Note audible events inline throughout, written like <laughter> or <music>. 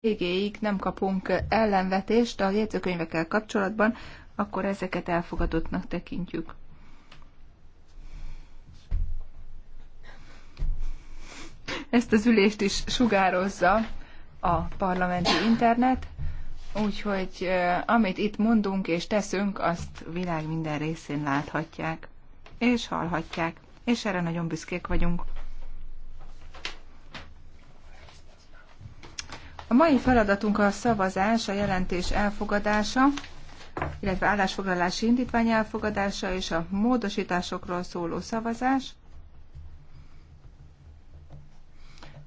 végéig nem kapunk ellenvetést a jegyzőkönyvekkel kapcsolatban, akkor ezeket elfogadottnak tekintjük. Ezt az ülést is sugározza a parlamenti internet, úgyhogy amit itt mondunk és teszünk, azt világ minden részén láthatják, és hallhatják, és erre nagyon büszkék vagyunk. A mai feladatunk a szavazás, a jelentés elfogadása, illetve állásfoglalási indítvány elfogadása és a módosításokról szóló szavazás.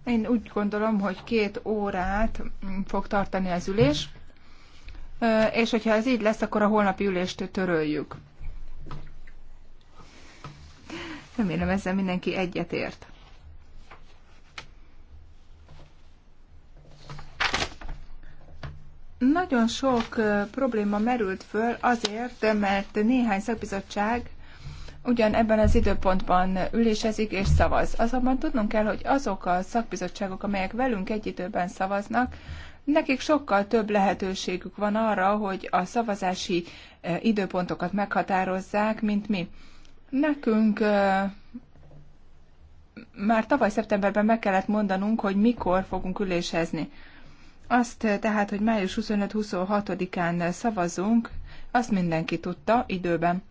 Én úgy gondolom, hogy két órát fog tartani az ülés, és hogyha ez így lesz, akkor a holnapi ülést töröljük. Remélem ezzel mindenki egyetért. Nagyon sok probléma merült föl azért, mert néhány szakbizottság ugyan ebben az időpontban ülésezik és szavaz. Azonban tudnunk kell, hogy azok a szakbizottságok, amelyek velünk egy időben szavaznak, nekik sokkal több lehetőségük van arra, hogy a szavazási időpontokat meghatározzák, mint mi. Nekünk már tavaly szeptemberben meg kellett mondanunk, hogy mikor fogunk ülésezni. Azt eh, tehát, hogy május 25-26-án eh, szavazunk, azt mindenki tudta időben.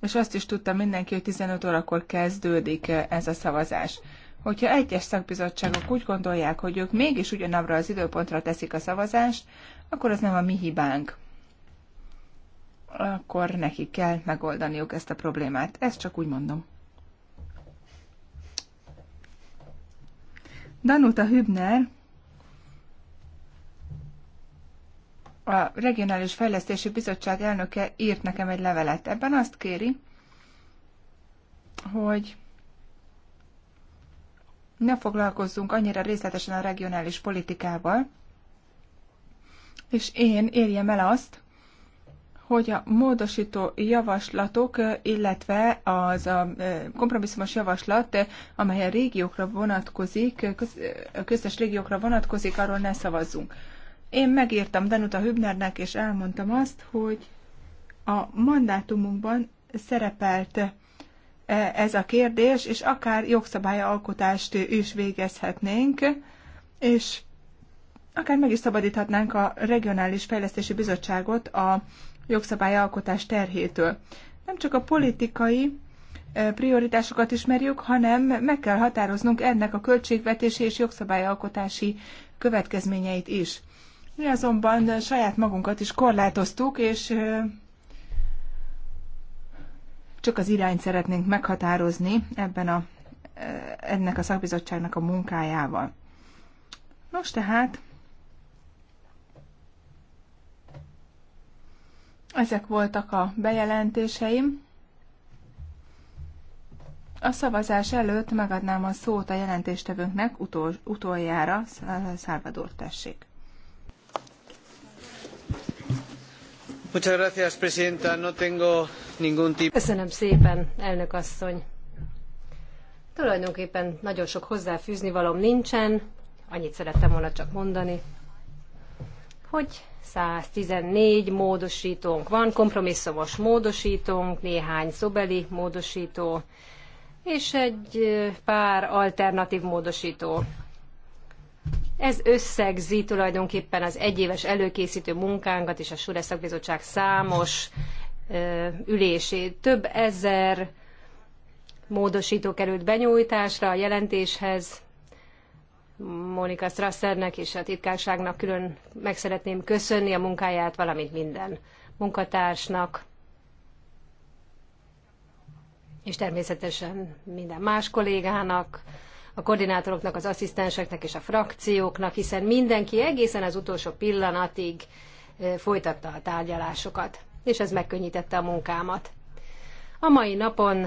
És azt is tudta mindenki, hogy 15 órakor kezdődik eh, ez a szavazás. Hogyha egyes szakbizottságok úgy gondolják, hogy ők mégis ugyanabra az időpontra teszik a szavazást, akkor az nem a mi hibánk. Akkor neki kell megoldaniuk ezt a problémát. Ezt csak úgy mondom. Danuta Hübner a Regionális Fejlesztési Bizottság elnöke írt nekem egy levelet. Ebben azt kéri, hogy ne foglalkozzunk annyira részletesen a regionális politikával, és én érjem el azt, hogy a módosító javaslatok, illetve az a e, kompromisszumos javaslat, amely a régiókra vonatkozik, e, a köztes régiókra vonatkozik, arról ne szavazzunk. Én megírtam Danuta Hübnernek, és elmondtam azt, hogy a mandátumunkban szerepelt e, ez a kérdés, és akár jogszabályalkotást is végezhetnénk, és akár meg is szabadíthatnánk a Regionális Fejlesztési Bizottságot a jogszabályalkotás terhétől. Nem csak a politikai e, prioritásokat ismerjük, hanem meg kell határoznunk ennek a költségvetési és jogszabályalkotási következményeit is. Mi azonban eh, saját magunkat is korlátoztuk, és eh, csak az irányt szeretnénk meghatározni ebben a, eh, ennek a szakbizottságnak a munkájával. Nos tehát, ezek voltak a bejelentéseim. A szavazás előtt megadnám a szót a jelentéstevőnknek utol, utoljára, Szálvador tessék. Köszönöm szépen, elnök asszony. Tulajdonképpen nagyon sok hozzáfűznivalóm nincsen, annyit szerettem volna csak mondani, hogy 114 módostónk van, kompromisszumos módostónk néhány szobeli módostó és egy pár alternatív módostó. Ez összegzi tulajdonképpen az egyéves előkészítő munkánkat és a Sure Szakbizottság számos ülését. Több ezer módosító került benyújtásra a jelentéshez. Monika Strassernek és a titkárságnak külön meg szeretném köszönni a munkáját, valamint minden munkatársnak, és természetesen minden más kollégának, a koordinátoroknak, az asszisztenseknek és a frakcióknak, hiszen mindenki egészen az utolsó pillanatig folytatta a tárgyalásokat, és ez megkönnyítette a munkámat. A mai napon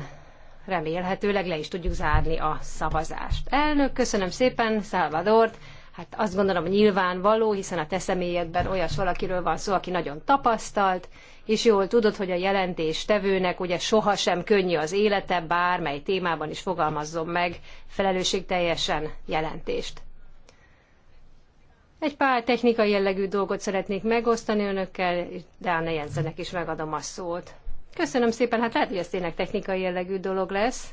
remélhetőleg le is tudjuk zárni a szavazást. Elnök, köszönöm szépen, Szálvadort! hát azt gondolom hogy nyilvánvaló, hiszen a te személyedben olyas valakiről van szó, aki nagyon tapasztalt, és jól tudod, hogy a jelentés tevőnek ugye sohasem könnyű az élete, bármely témában is fogalmazzon meg felelősségteljesen jelentést. Egy pár technikai jellegű dolgot szeretnék megosztani önökkel, de Anna Jensennek is megadom a szót. Köszönöm szépen, hát lehet, hogy ez tényleg technikai jellegű dolog lesz.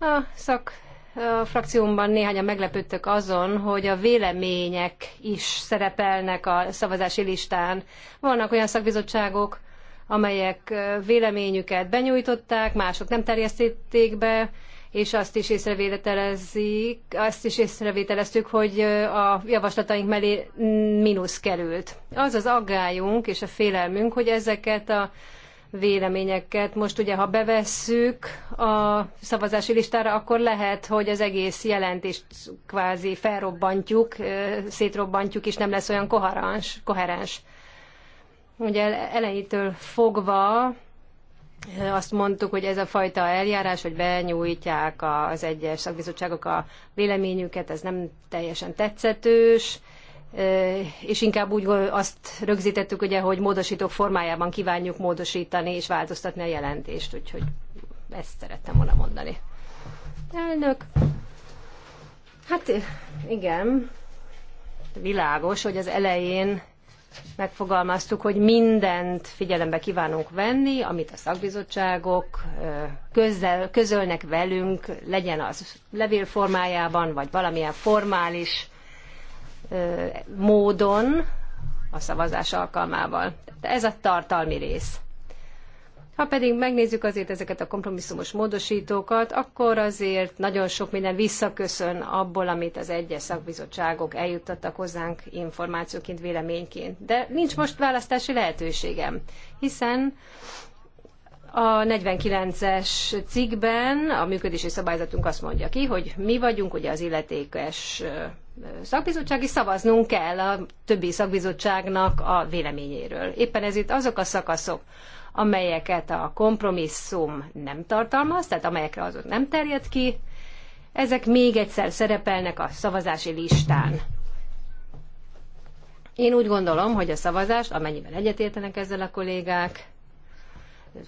A szak a frakciómban néhányan meglepődtök azon, hogy a vélemények is szerepelnek a szavazási listán. Vannak olyan szakbizottságok, amelyek véleményüket benyújtották, mások nem terjesztették be, és azt is észrevételezik, azt is észrevételeztük, hogy a javaslataink mellé mm, mínusz került. Az az aggályunk és a félelmünk, hogy ezeket a véleményeket. Most ugye, ha bevesszük a szavazási listára, akkor lehet, hogy az egész jelentést kvázi felrobbantjuk, szétrobbantjuk, és nem lesz olyan koherens. koherens. Ugye elejétől fogva azt mondtuk, hogy ez a fajta eljárás, hogy benyújtják az egyes szakbizottságok a véleményüket, ez nem teljesen tetszetős, és inkább úgy azt rögzítettük, ugye, hogy módosítók formájában kívánjuk módosítani és változtatni a jelentést, úgyhogy ezt szerettem volna mondani. Elnök. Hát igen, világos, hogy az elején megfogalmaztuk, hogy mindent figyelembe kívánunk venni, amit a szakbizottságok közel közölnek velünk, legyen az levél formájában, vagy valamilyen formális módon a szavazás alkalmával. De ez a tartalmi rész. Ha pedig megnézzük azért ezeket a kompromisszumos módosítókat, akkor azért nagyon sok minden visszaköszön abból, amit az egyes szakbizottságok eljuttattak hozzánk információként, véleményként. De nincs most választási lehetőségem, hiszen a 49-es cikkben a működési szabályzatunk azt mondja ki, hogy mi vagyunk ugye az illetékes szakbizottság, és szavaznunk kell a többi szakbizottságnak a véleményéről. Éppen ez itt azok a szakaszok, amelyeket a kompromisszum nem tartalmaz, tehát amelyekre azok nem terjed ki, ezek még egyszer szerepelnek a szavazási listán. Én úgy gondolom, hogy a szavazást, amennyiben egyetértenek ezzel a kollégák,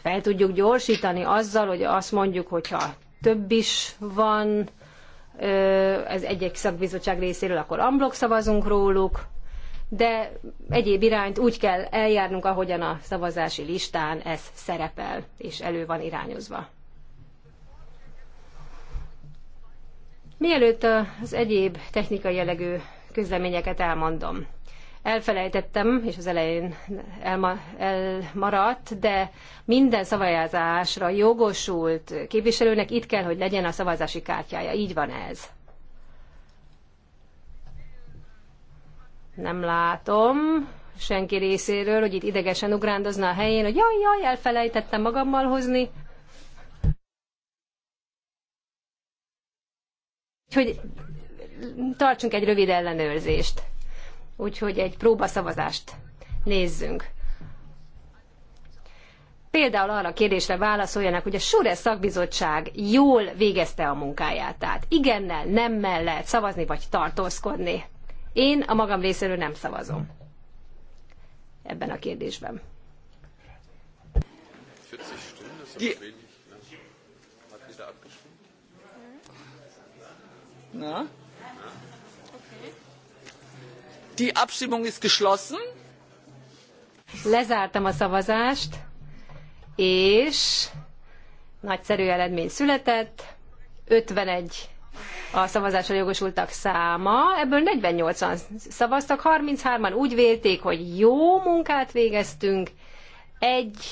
fel tudjuk gyorsítani azzal, hogy azt mondjuk, hogyha több is van, ez egy-egy szakbizottság részéről, akkor amblok szavazunk róluk, de egyéb irányt úgy kell eljárnunk, ahogyan a szavazási listán ez szerepel, és elő van irányozva. Mielőtt az egyéb technikai jellegű közleményeket elmondom, elfelejtettem, és az elején elma, elmaradt, de minden szavazásra jogosult képviselőnek itt kell, hogy legyen a szavazási kártyája. Így van ez. Nem látom senki részéről, hogy itt idegesen ugrándozna a helyén, hogy jaj, jaj, elfelejtettem magammal hozni. Úgyhogy tartsunk egy rövid ellenőrzést. Úgyhogy egy próbaszavazást nézzünk. Például arra a kérdésre válaszoljanak, hogy a Sure szakbizottság jól végezte a munkáját. Tehát igennel, nemmel lehet szavazni vagy tartózkodni. Én a magam részéről nem szavazom ebben a kérdésben. Na? Die Abstimmung ist geschlossen. Lezártam a szavazást, és nagyszerű eredmény született. 51 a szavazásra jogosultak száma, ebből 48-an szavaztak, 33-an úgy vélték, hogy jó munkát végeztünk, egy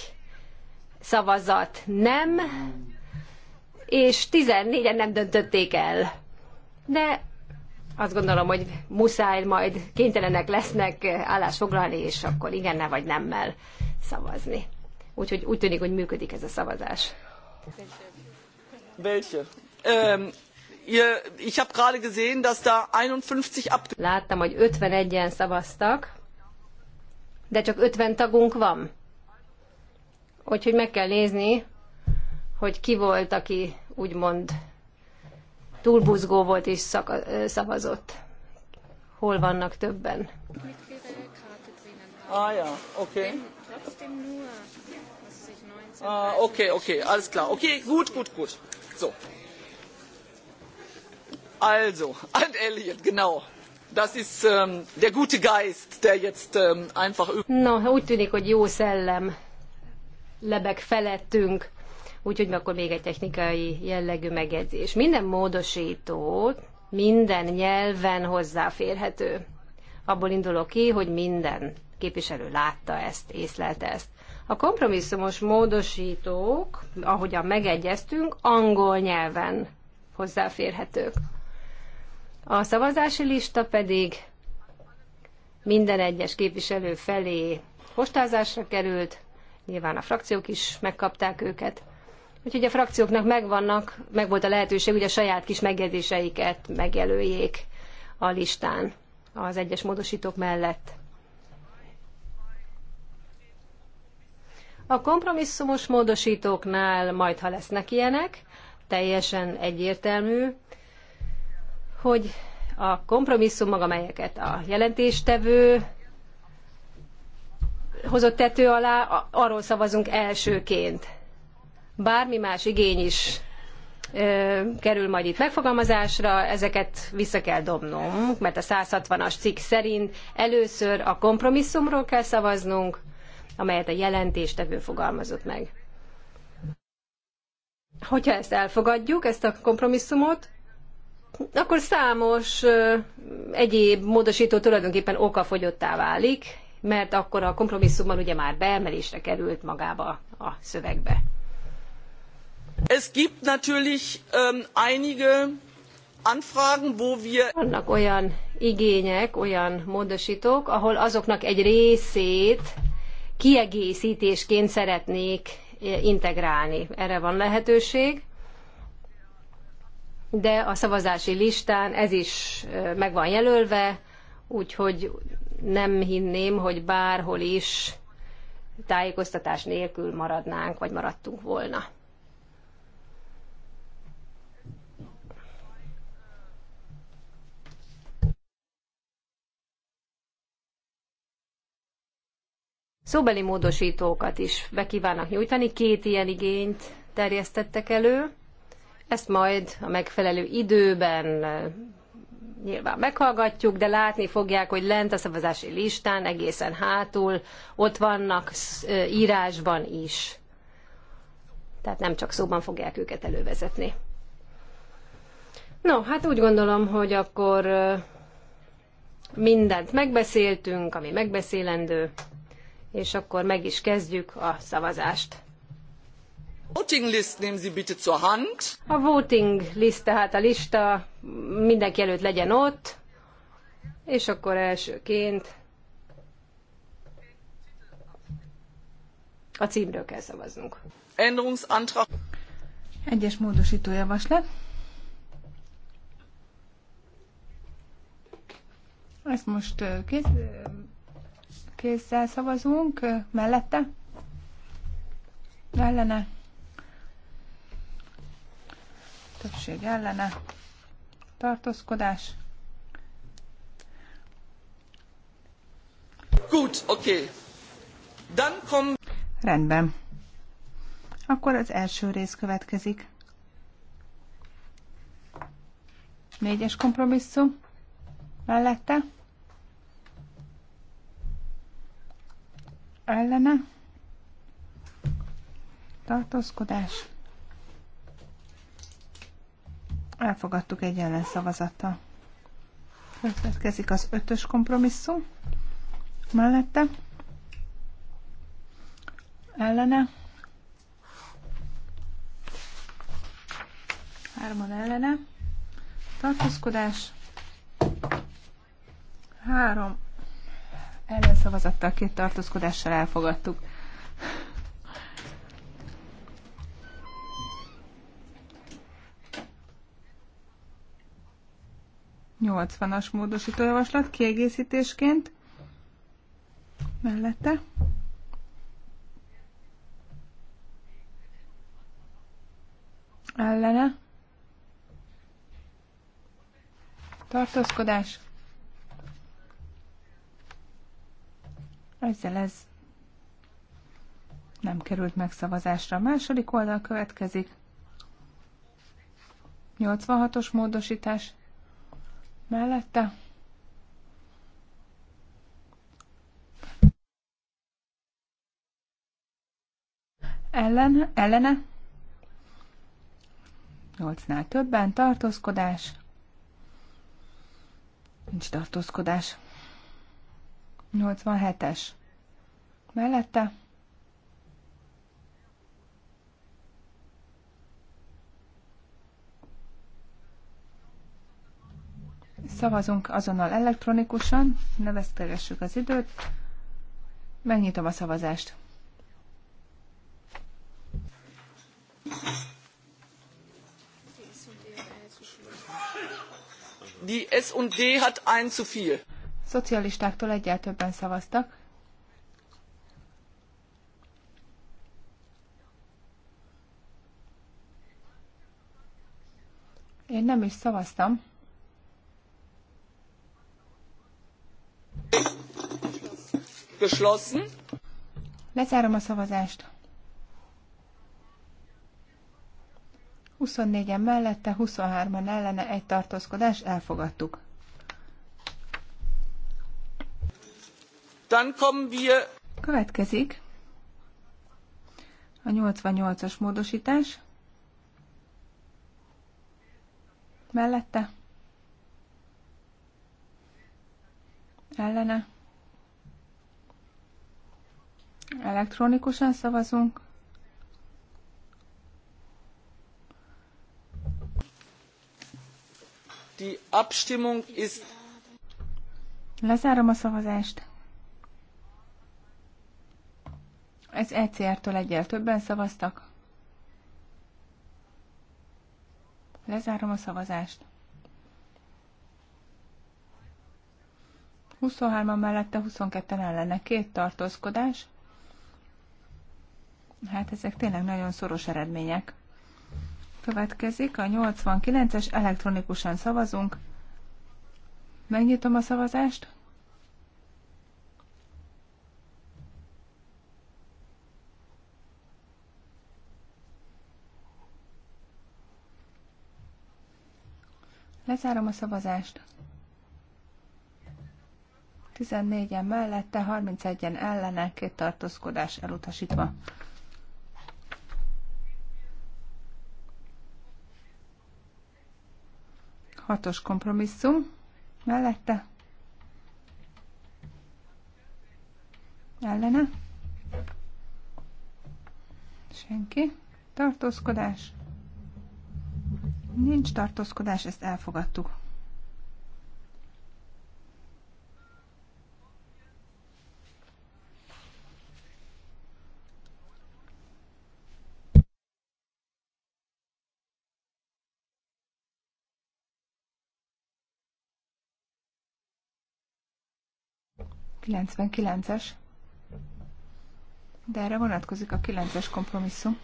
szavazat nem, és 14-en nem döntötték el. De azt gondolom, hogy muszáj, majd kénytelenek lesznek eh, állásfoglalni, és akkor igennel vagy nemmel szavazni. Úgyhogy úgy tűnik, hogy működik ez a szavazás. Welche? Ähm, ich habe gerade gesehen, dass da 51 ab... Láttam, hogy 51-en szavaztak, de csak 50 tagunk van. Úgyhogy meg kell nézni, hogy ki volt, aki úgymond túl buzgó volt és szaka, szavazott. Hol vannak többen? Ah ja, oké. Ah, oké, oké, alles klar. Oké, Okay, gut, gut, gut. So. Also, Ant <laughs> Elliot, genau. Das ist um, der gute Geist, der jetzt um, einfach... Na, No, úgy tűnik, hogy jó szellem lebeg felettünk Úgyhogy akkor még egy technikai jellegű megjegyzés. Minden módosító minden nyelven hozzáférhető. Abból indulok ki, hogy minden képviselő látta ezt, észlelte ezt. A kompromisszumos módosítók, ahogyan megegyeztünk, angol nyelven hozzáférhetők. A szavazási lista pedig minden egyes képviselő felé postázásra került, nyilván a frakciók is megkapták őket, Úgyhogy a frakcióknak megvannak, megvolt a lehetőség, hogy a saját kis megjegyzéseiket megjelöljék a listán az egyes módosítók mellett. A kompromisszumos módosítóknál majd, ha lesznek ilyenek, teljesen egyértelmű, hogy a kompromisszumok, amelyeket a jelentéstevő hozott tető alá, arról szavazunk elsőként bármi más igény is kerül majd itt megfogalmazásra, ezeket vissza kell dobnom, mert a 160-as cikk szerint először a kompromisszumról kell szavaznunk, amelyet a jelentéstevő fogalmazott meg. Hogyha ezt elfogadjuk, ezt a kompromisszumot, akkor számos egyéb módosító tulajdonképpen okafogyottá válik, mert akkor a kompromisszumban ugye már beemelésre került magába a szövegbe. Es gibt natürlich ähm, einige Anfragen, wo wir Vannak olyan igények, olyan módosítók, ahol azoknak egy részét kiegészítésként szeretnék eh, integrálni. Erre van lehetőség, de a szavazási listán ez is eh, meg van jelölve, úgyhogy nem hinném, hogy bárhol is tájékoztatás nélkül maradnánk, vagy maradtunk volna. Szóbeli módosítókat is be kívánnak nyújtani, két ilyen igényt terjesztettek elő, ezt majd a megfelelő időben eh, nyilván meghallgatjuk, de látni fogják, hogy lent a szavazási listán egészen hátul ott vannak eh, írásban is. Tehát nem csak szóban fogják őket elővezetni. No, hát úgy gondolom, hogy akkor eh, mindent megbeszéltünk, ami megbeszélendő és akkor meg is kezdjük a szavazást. Voting list nehmen Sie bitte zur Hand. A voting list, tehát a lista mindenki előtt legyen ott, és akkor elsőként a címről kell szavaznunk. Änderungsantrag. Egyes módosító javaslat. Ezt most kész, kézzel szavazunk, mellette, ellene, többség ellene, tartózkodás. Gut, oké. Okay. Kom... Rendben. Akkor az első rész következik. Négyes kompromisszum mellette. ellene tartózkodás. Elfogadtuk egy ellenszavazattal. Következik az ötös kompromisszum mellette. Ellene. Hárman ellene. Tartózkodás. Három ellenszavazattal két tartózkodással elfogadtuk. Nyolcvanas módosítójavaslat kiegészítésként mellette. Ellene. Tartózkodás Ezzel ez nem került megszavazásra. A második oldal következik. 86-os módosítás mellette. Ellen, ellene. 8-nál többen tartózkodás. Nincs tartózkodás. 87-es. Mellette. Szavazunk azonnal elektronikusan, ne az időt. Megnyitom a szavazást. Die S&D hat ein zu viel szocialistáktól egyel többen szavaztak. Én nem is szavaztam. Geschlossen. Lezárom a szavazást. 24-en mellette, 23-an ellene egy tartózkodás elfogadtuk. Dann kommen wir Következik a 88-as módosítás. Mellette. Ellene. Elektronikusan szavazunk. Die Abstimmung ist Lezárom a szavazást. Ez ECR-től egyel többen szavaztak. Lezárom a szavazást. 23-an mellette, 22-en ellene. Két tartózkodás. Hát ezek tényleg nagyon szoros eredmények. Következik a 89-es, elektronikusan szavazunk. Megnyitom a szavazást. Lezárom a szavazást. 14-en mellette, 31-en ellene, két tartózkodás elutasítva. Hatos kompromisszum mellette. Ellene. Senki. Tartózkodás. Nincs tartózkodás, ezt elfogadtuk. Kilencvenkilences. De erre vonatkozik a kilences kompromisszum.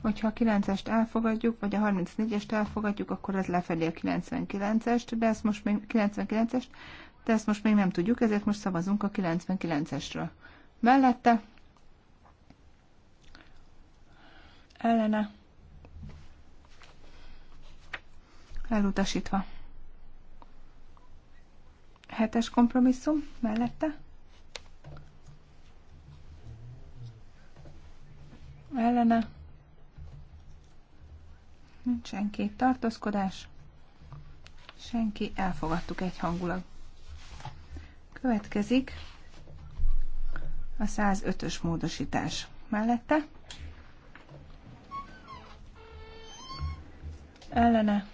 Hogyha a 9-est elfogadjuk, vagy a 34-est elfogadjuk, akkor ez lefedi a 99-est, de ezt most még 99-est, de ezt most még nem tudjuk, ezért most szavazunk a 99-esről. Mellette ellene elutasítva. Hetes kompromisszum mellette. Ellene Nincs senki. Tartózkodás? Senki. Elfogadtuk hangulat. Következik a 105-ös módosítás mellette. Ellene.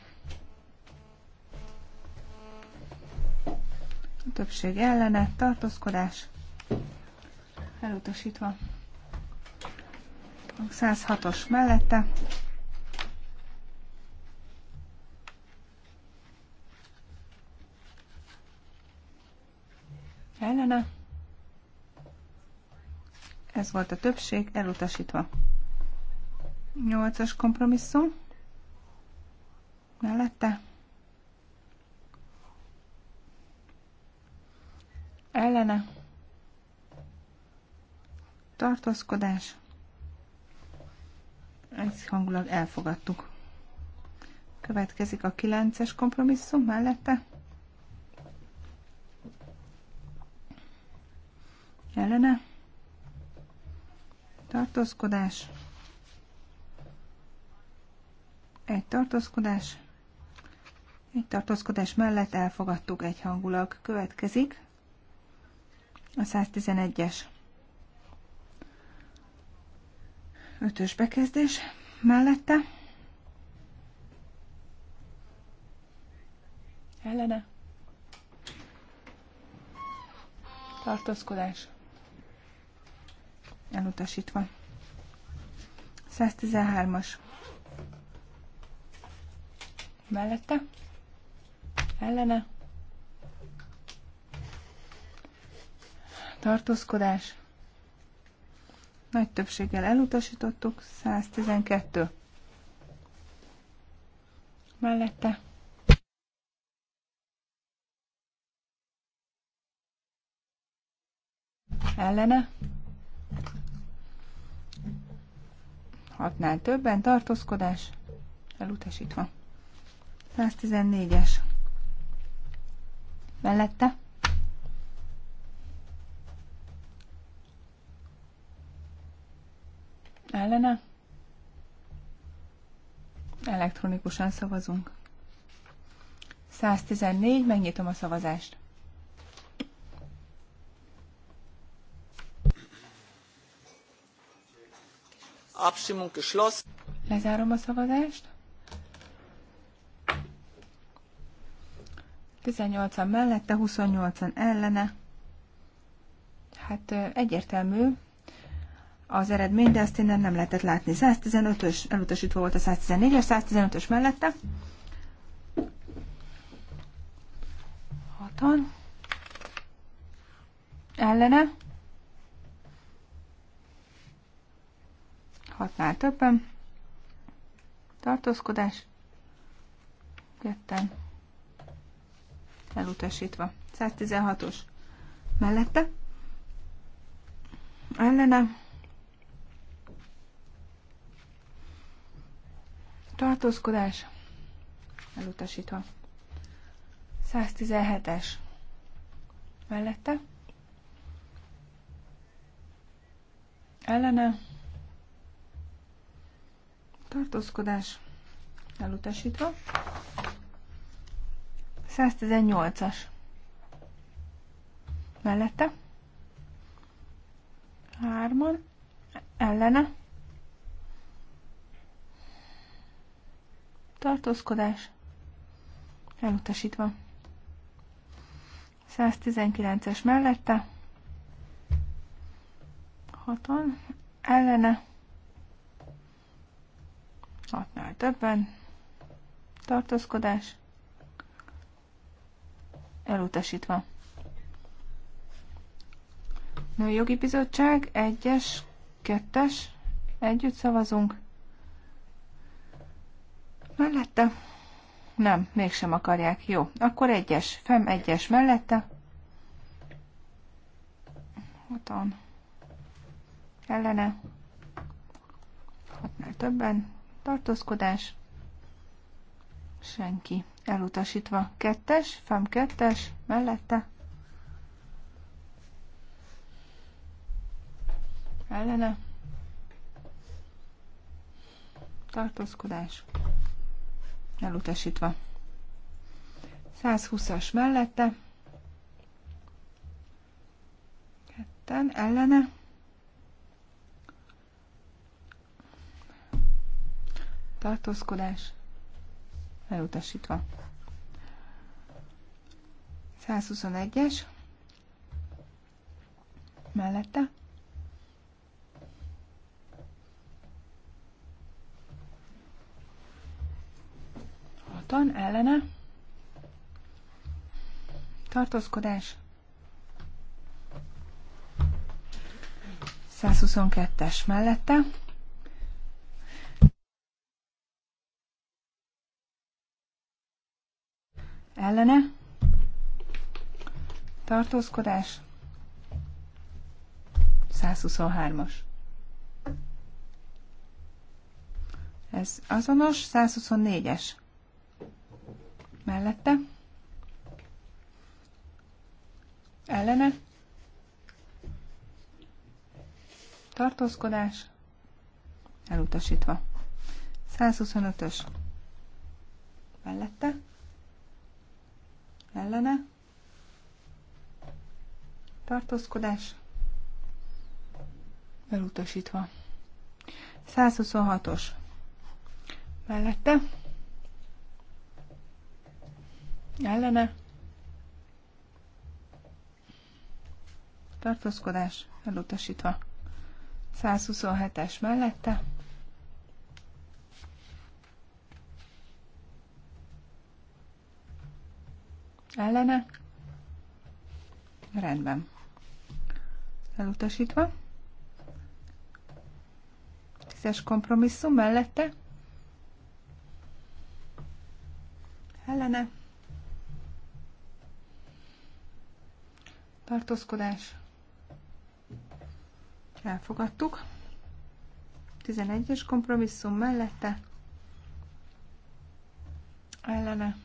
A többség ellene. Tartózkodás. Elutasítva. A 106-os mellette. kellene. Ez volt a többség, elutasítva. 8-as kompromisszum. Mellette. Ellene. Tartózkodás. Ezt hangulag elfogadtuk. Következik a 9-es kompromisszum mellette. ellene tartózkodás, egy tartózkodás, egy tartózkodás mellett elfogadtuk hangulag Következik a 111-es. Ötös bekezdés mellette. Ellene. Tartózkodás elutasítva. 113-as mellette, ellene, tartózkodás, nagy többséggel elutasítottuk, 112 mellette, ellene, hatnál többen, tartózkodás elutasítva. 114-es mellette. Ellene? Elektronikusan szavazunk. 114, megnyitom a szavazást. Abstimmung geschlossen. Lezárom a szavazást. 18-an mellette, 28-an ellene. Hát egyértelmű az eredmény, de ezt innen nem lehetett látni. 115-ös elutasítva volt a 114-es, 115-ös mellette. 6-an. Ellene. hatnál többen. Tartózkodás. Ketten. Elutasítva. 116-os. Mellette. Ellene. Tartózkodás. Elutasítva. 117-es. Mellette. Ellene tartózkodás elutasítva. 118-as mellette. Hárman ellene. Tartózkodás elutasítva. 119-es mellette. Haton ellene hatnál többen, tartózkodás, elutasítva. Nőjogi Bizottság, egyes kettes, együtt szavazunk. Mellette? Nem, mégsem akarják. Jó, akkor egyes, fem egyes mellette. Hatan. Ellene. Hatnál többen tartózkodás, senki elutasítva. Kettes, fem kettes, mellette, ellene, tartózkodás, elutasítva. 120-as mellette, ketten, ellene, tartózkodás elutasítva. 121-es mellette. Hatan ellene. Tartózkodás. 122-es mellette. ellene, tartózkodás, 123-as. Ez azonos, 124-es. Mellette. Ellene. Tartózkodás. Elutasítva. 125-ös. Mellette ellene, tartózkodás, elutasítva. 126-os mellette, ellene, tartózkodás, elutasítva. 127-es mellette, Ellene? Rendben. Elutasítva. Tízes kompromisszum mellette? Ellene? Tartózkodás. Elfogadtuk. 11-es kompromisszum mellette. Ellene.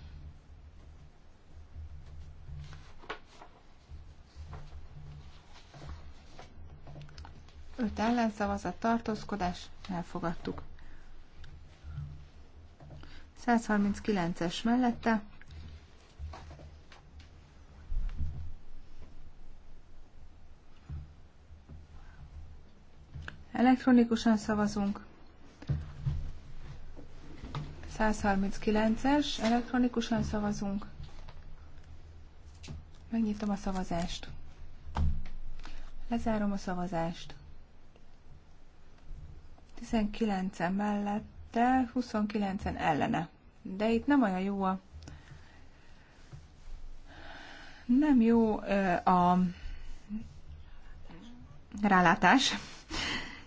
5 ellenszavazat, tartózkodás, elfogadtuk. 139-es mellette. Elektronikusan szavazunk. 139-es, elektronikusan szavazunk. Megnyitom a szavazást. Lezárom a szavazást. 19-en mellette, 29-en ellene. De itt nem olyan jó a... Nem jó ö, a rálátás.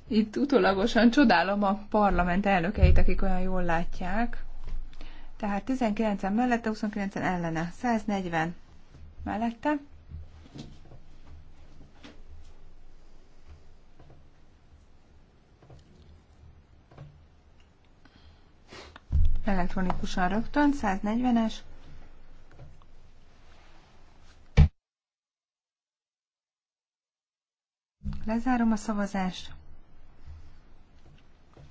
Itt utólagosan csodálom a parlament elnökeit, akik olyan jól látják. Tehát 19-en mellette, 29-en ellene. 140 mellette, elektronikusan rögtön, 140-es. Lezárom a szavazást.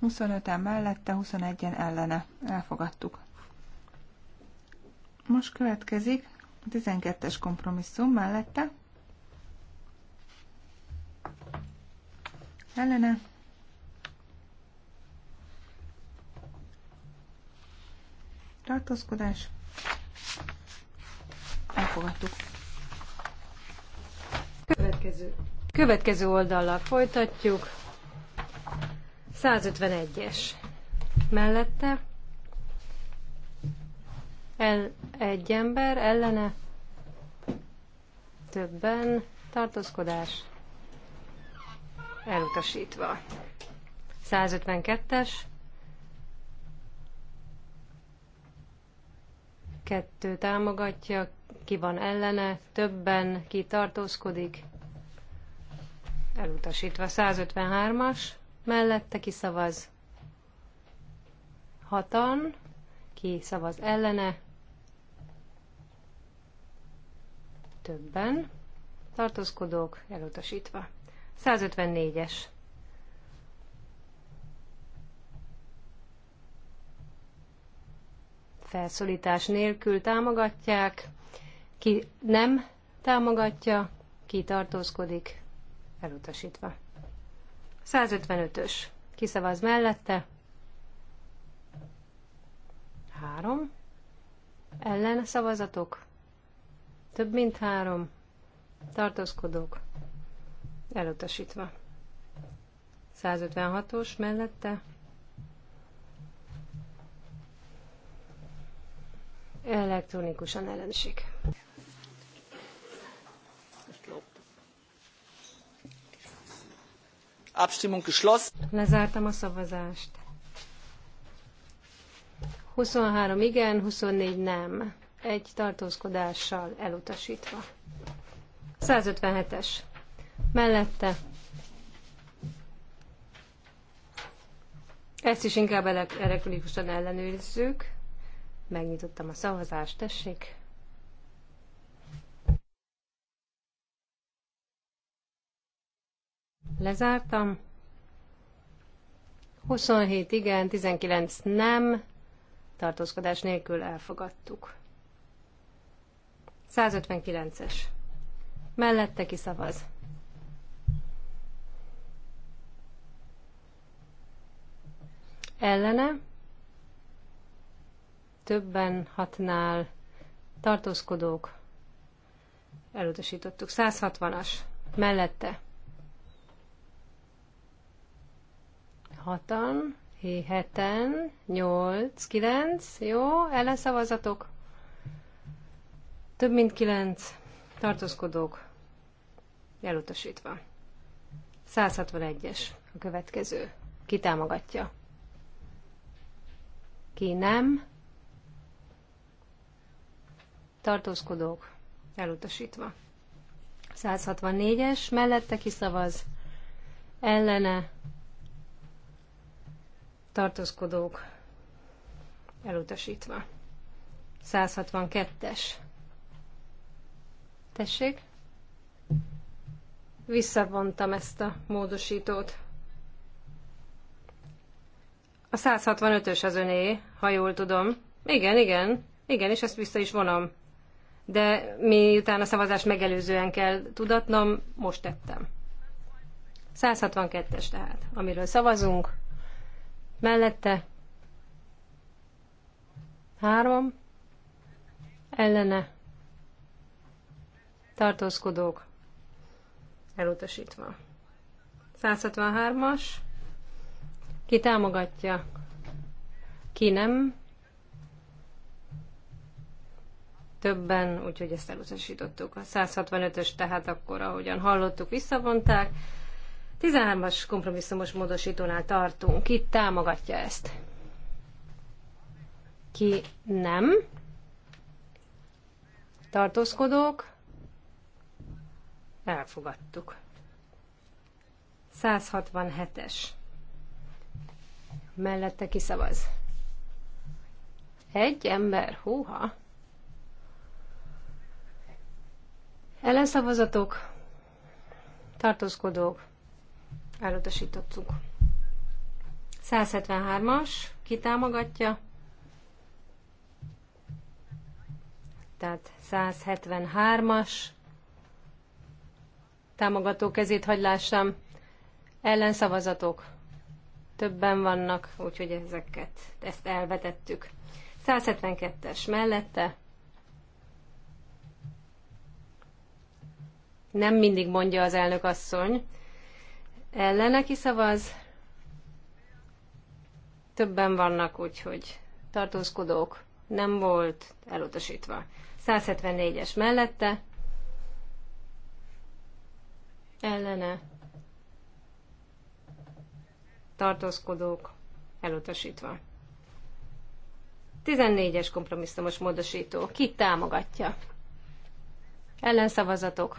25-en mellette, 21-en ellene. Elfogadtuk. Most következik a 12-es kompromisszum mellette. Ellene tartózkodás, elfogadtuk. Következő. Következő oldallal folytatjuk. 151-es mellette. El, egy ember ellene többen tartózkodás elutasítva. 152-es Kettő támogatja, ki van ellene, többen, ki tartózkodik. Elutasítva 153-as, mellette ki szavaz. Hatan, ki szavaz ellene, többen, tartózkodók elutasítva. 154-es. felszólítás nélkül támogatják, ki nem támogatja, ki tartózkodik, elutasítva. 155-ös. Kiszavaz mellette. 3. Ellen szavazatok. Több mint 3. Tartózkodók. Elutasítva. 156-os mellette Elektronikusan ellenség. Abstimmung geschlossen. Lezártam a szavazást. 23 igen, 24 nem. Egy tartózkodással elutasítva. 157-es. Mellette. Ezt is inkább elektronikusan ellenőrizzük. Megnyitottam a szavazást, tessék. Lezártam. 27 igen, 19 nem, tartózkodás nélkül elfogadtuk. 159-es. Mellette ki szavaz? Ellene többen hatnál tartózkodók elutasítottuk. 160-as mellette hatan, heten, nyolc, kilenc, jó, ellenszavazatok, több mint kilenc, tartózkodók, elutasítva. 161-es a következő. Ki támogatja? Ki nem? tartózkodók elutasítva. 164-es mellette kiszavaz, ellene tartózkodók elutasítva. 162-es. Tessék? Visszavontam ezt a módosítót. A 165-ös az öné, ha jól tudom. Igen, igen, igen, és ezt vissza is vonom de miután a szavazást megelőzően kell tudatnom, most tettem. 162-es tehát, amiről szavazunk. Mellette három, ellene tartózkodók elutasítva. 163-as, ki támogatja, ki nem, többen, úgyhogy ezt elutasítottuk. A 165-ös tehát akkor, ahogyan hallottuk, visszavonták. 13-as kompromisszumos módosítónál tartunk. Ki támogatja ezt? Ki nem? Tartózkodók? Elfogadtuk. 167-es. Mellette kiszavaz. Egy ember, húha! Ellenszavazatok, tartózkodók, elutasítottuk. 173-as, ki támogatja? Tehát 173-as támogató kezét hagylásam. Ellenszavazatok többen vannak, úgyhogy ezeket, ezt elvetettük. 172-es mellette Nem mindig mondja az elnök asszony. Ellene kiszavaz. Többen vannak, úgyhogy tartózkodók nem volt elutasítva. 174-es mellette. Ellene. Tartózkodók elutasítva. 14-es kompromisszumos módosító. Ki támogatja? Ellenszavazatok.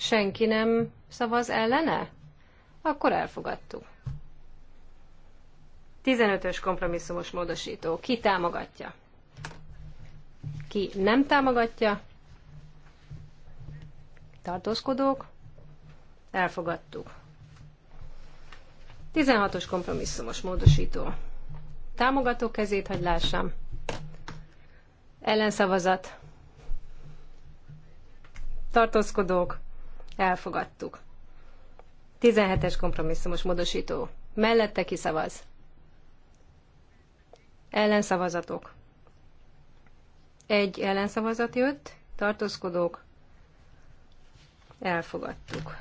Senki nem szavaz ellene? Akkor elfogadtuk. 15-ös kompromisszumos módosító. Ki támogatja? Ki nem támogatja? Tartózkodók? Elfogadtuk. 16-os kompromisszumos módosító. Támogató kezét, hogy lássam. Ellenszavazat. Tartózkodók. Elfogadtuk. 17-es kompromisszumos módosító. Mellette kiszavaz. Ellenszavazatok. Egy ellenszavazat jött, tartózkodók. Elfogadtuk.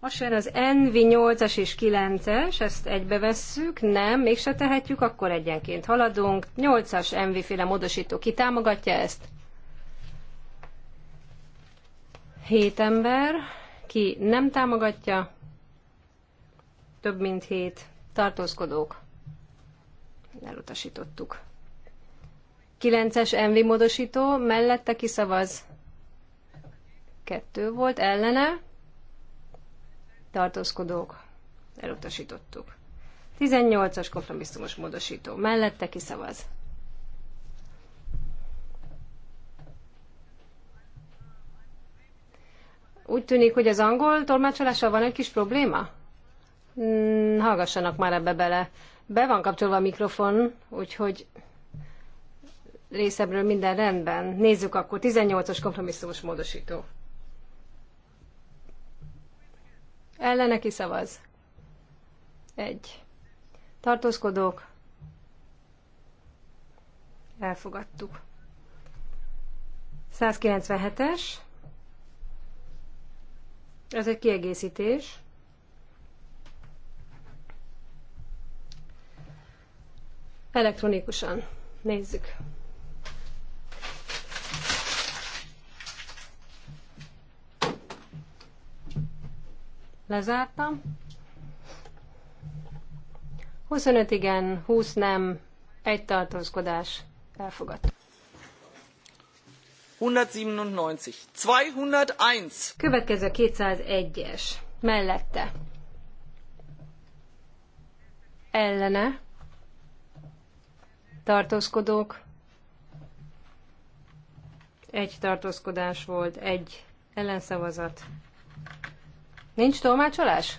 Most jön az NV 8-as és 9-es, ezt egybe vesszük, nem, mégse tehetjük, akkor egyenként haladunk. 8-as NV féle módosító kitámogatja ezt, Hét ember, ki nem támogatja, több mint hét tartózkodók. Elutasítottuk. 9-es envi módosító, mellette kiszavaz. Kettő volt, ellene. Tartózkodók. Elutasítottuk. 18-as kompromisszumos módosító, mellette kiszavaz. Úgy tűnik, hogy az angol tolmácsolással van egy kis probléma? Hmm, hallgassanak már ebbe bele. Be van kapcsolva a mikrofon, úgyhogy részemről minden rendben. Nézzük akkor 18-as kompromisszumos módosító. Ellene ki szavaz? Egy. Tartózkodók? Elfogadtuk. 197-es ez egy kiegészítés. Elektronikusan. Nézzük. Lezártam. 25 igen, 20 nem, egy tartózkodás elfogadt. 197. 201. Következő 201-es. Mellette. Ellene. Tartózkodók. Egy tartózkodás volt, egy ellenszavazat. Nincs tolmácsolás?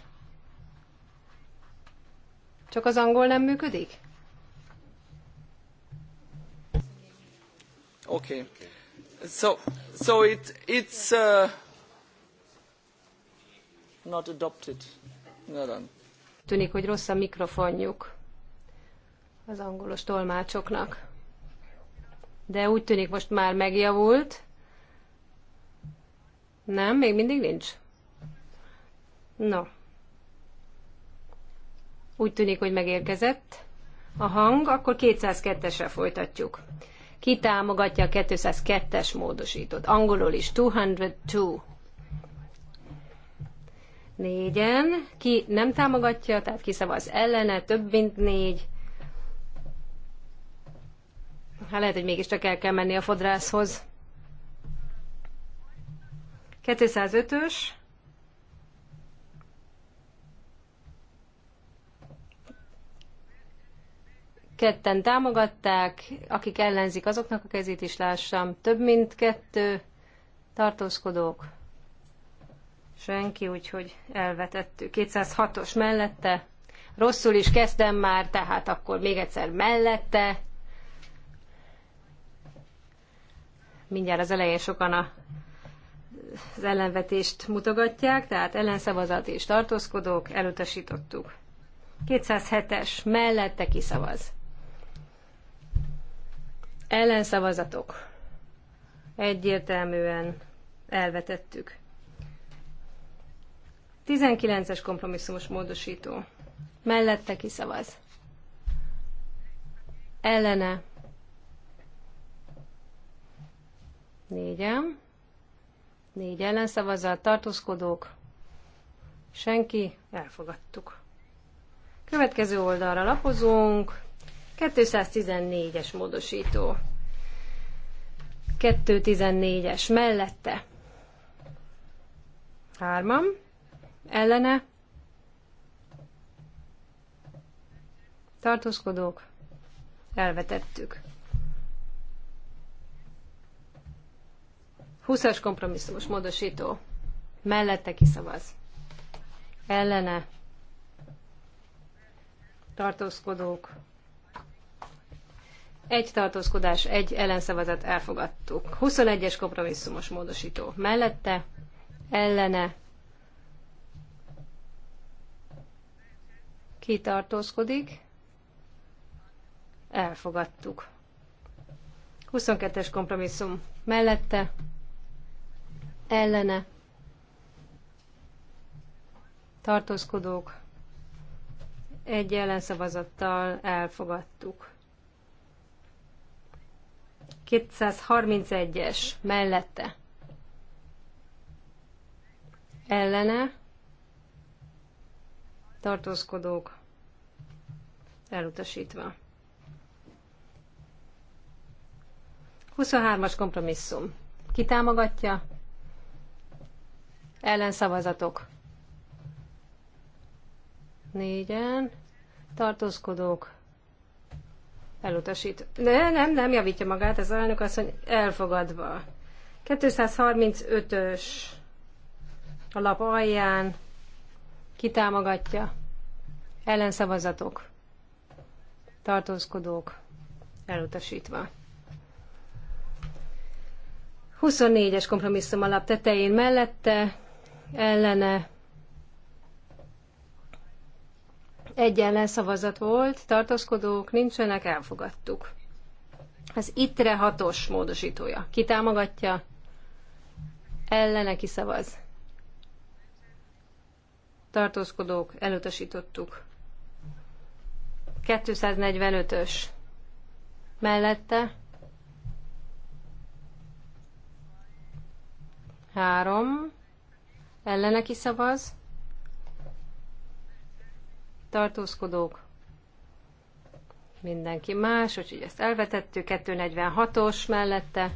Csak az angol nem működik? Oké. Okay. So, it, it's uh, not adopted. no. Tűnik, hogy rossz a mikrofonjuk az angolos tolmácsoknak. De úgy tűnik, most már megjavult. Nem, még mindig nincs. No. Úgy tűnik, hogy megérkezett a hang, akkor 202-esre folytatjuk. Ki támogatja a 202-es módosítót? Angolul is 202. Négyen. Ki nem támogatja, tehát kiszavaz ellene, több mint négy. Hát lehet, hogy mégiscsak el kell menni a fodrászhoz. 205-ös ketten támogatták, akik ellenzik, azoknak a kezét is lássam. Több mint kettő tartózkodók. Senki, úgyhogy elvetettük. 206-os mellette. Rosszul is kezdem már, tehát akkor még egyszer mellette. Mindjárt az elején sokan a, az ellenvetést mutogatják, tehát ellenszavazat és tartózkodók, elutasítottuk. 207-es mellette kiszavaz. Ellenszavazatok. Egyértelműen elvetettük. 19-es kompromisszumos módosító. Mellette kiszavaz. Ellene. Négyen. Négy ellenszavazat, tartózkodók. Senki. Elfogadtuk. Következő oldalra lapozunk. 214-es módosító. 214-es mellette. Hárman. Ellene. Tartózkodók. Elvetettük. 20-as kompromisszumos módosító. Mellette kiszavaz. Ellene. Tartózkodók. Egy tartózkodás, egy ellenszavazat elfogadtuk. 21-es kompromisszumos módosító. Mellette, ellene, kitartózkodik, elfogadtuk. 22-es kompromisszum mellette, ellene, tartózkodók, egy ellenszavazattal elfogadtuk. 231-es mellette ellene tartózkodók elutasítva. 23-as kompromisszum. Ki támogatja? Ellenszavazatok. Négyen. Tartózkodók elutasít. Ne, nem, nem, javítja magát az elnök asszony, elfogadva. 235-ös a lap alján kitámogatja ellenszavazatok, tartózkodók elutasítva. 24-es kompromisszum alap tetején mellette, ellene Egy ellen szavazat volt, tartózkodók nincsenek, elfogadtuk. Az ittre hatos módosítója. Ki támogatja? Ellene szavaz. Tartózkodók, elutasítottuk. 245-ös. Mellette. Három. Ellene szavaz tartózkodók, mindenki más, úgyhogy ezt elvetettük, 246-os mellette,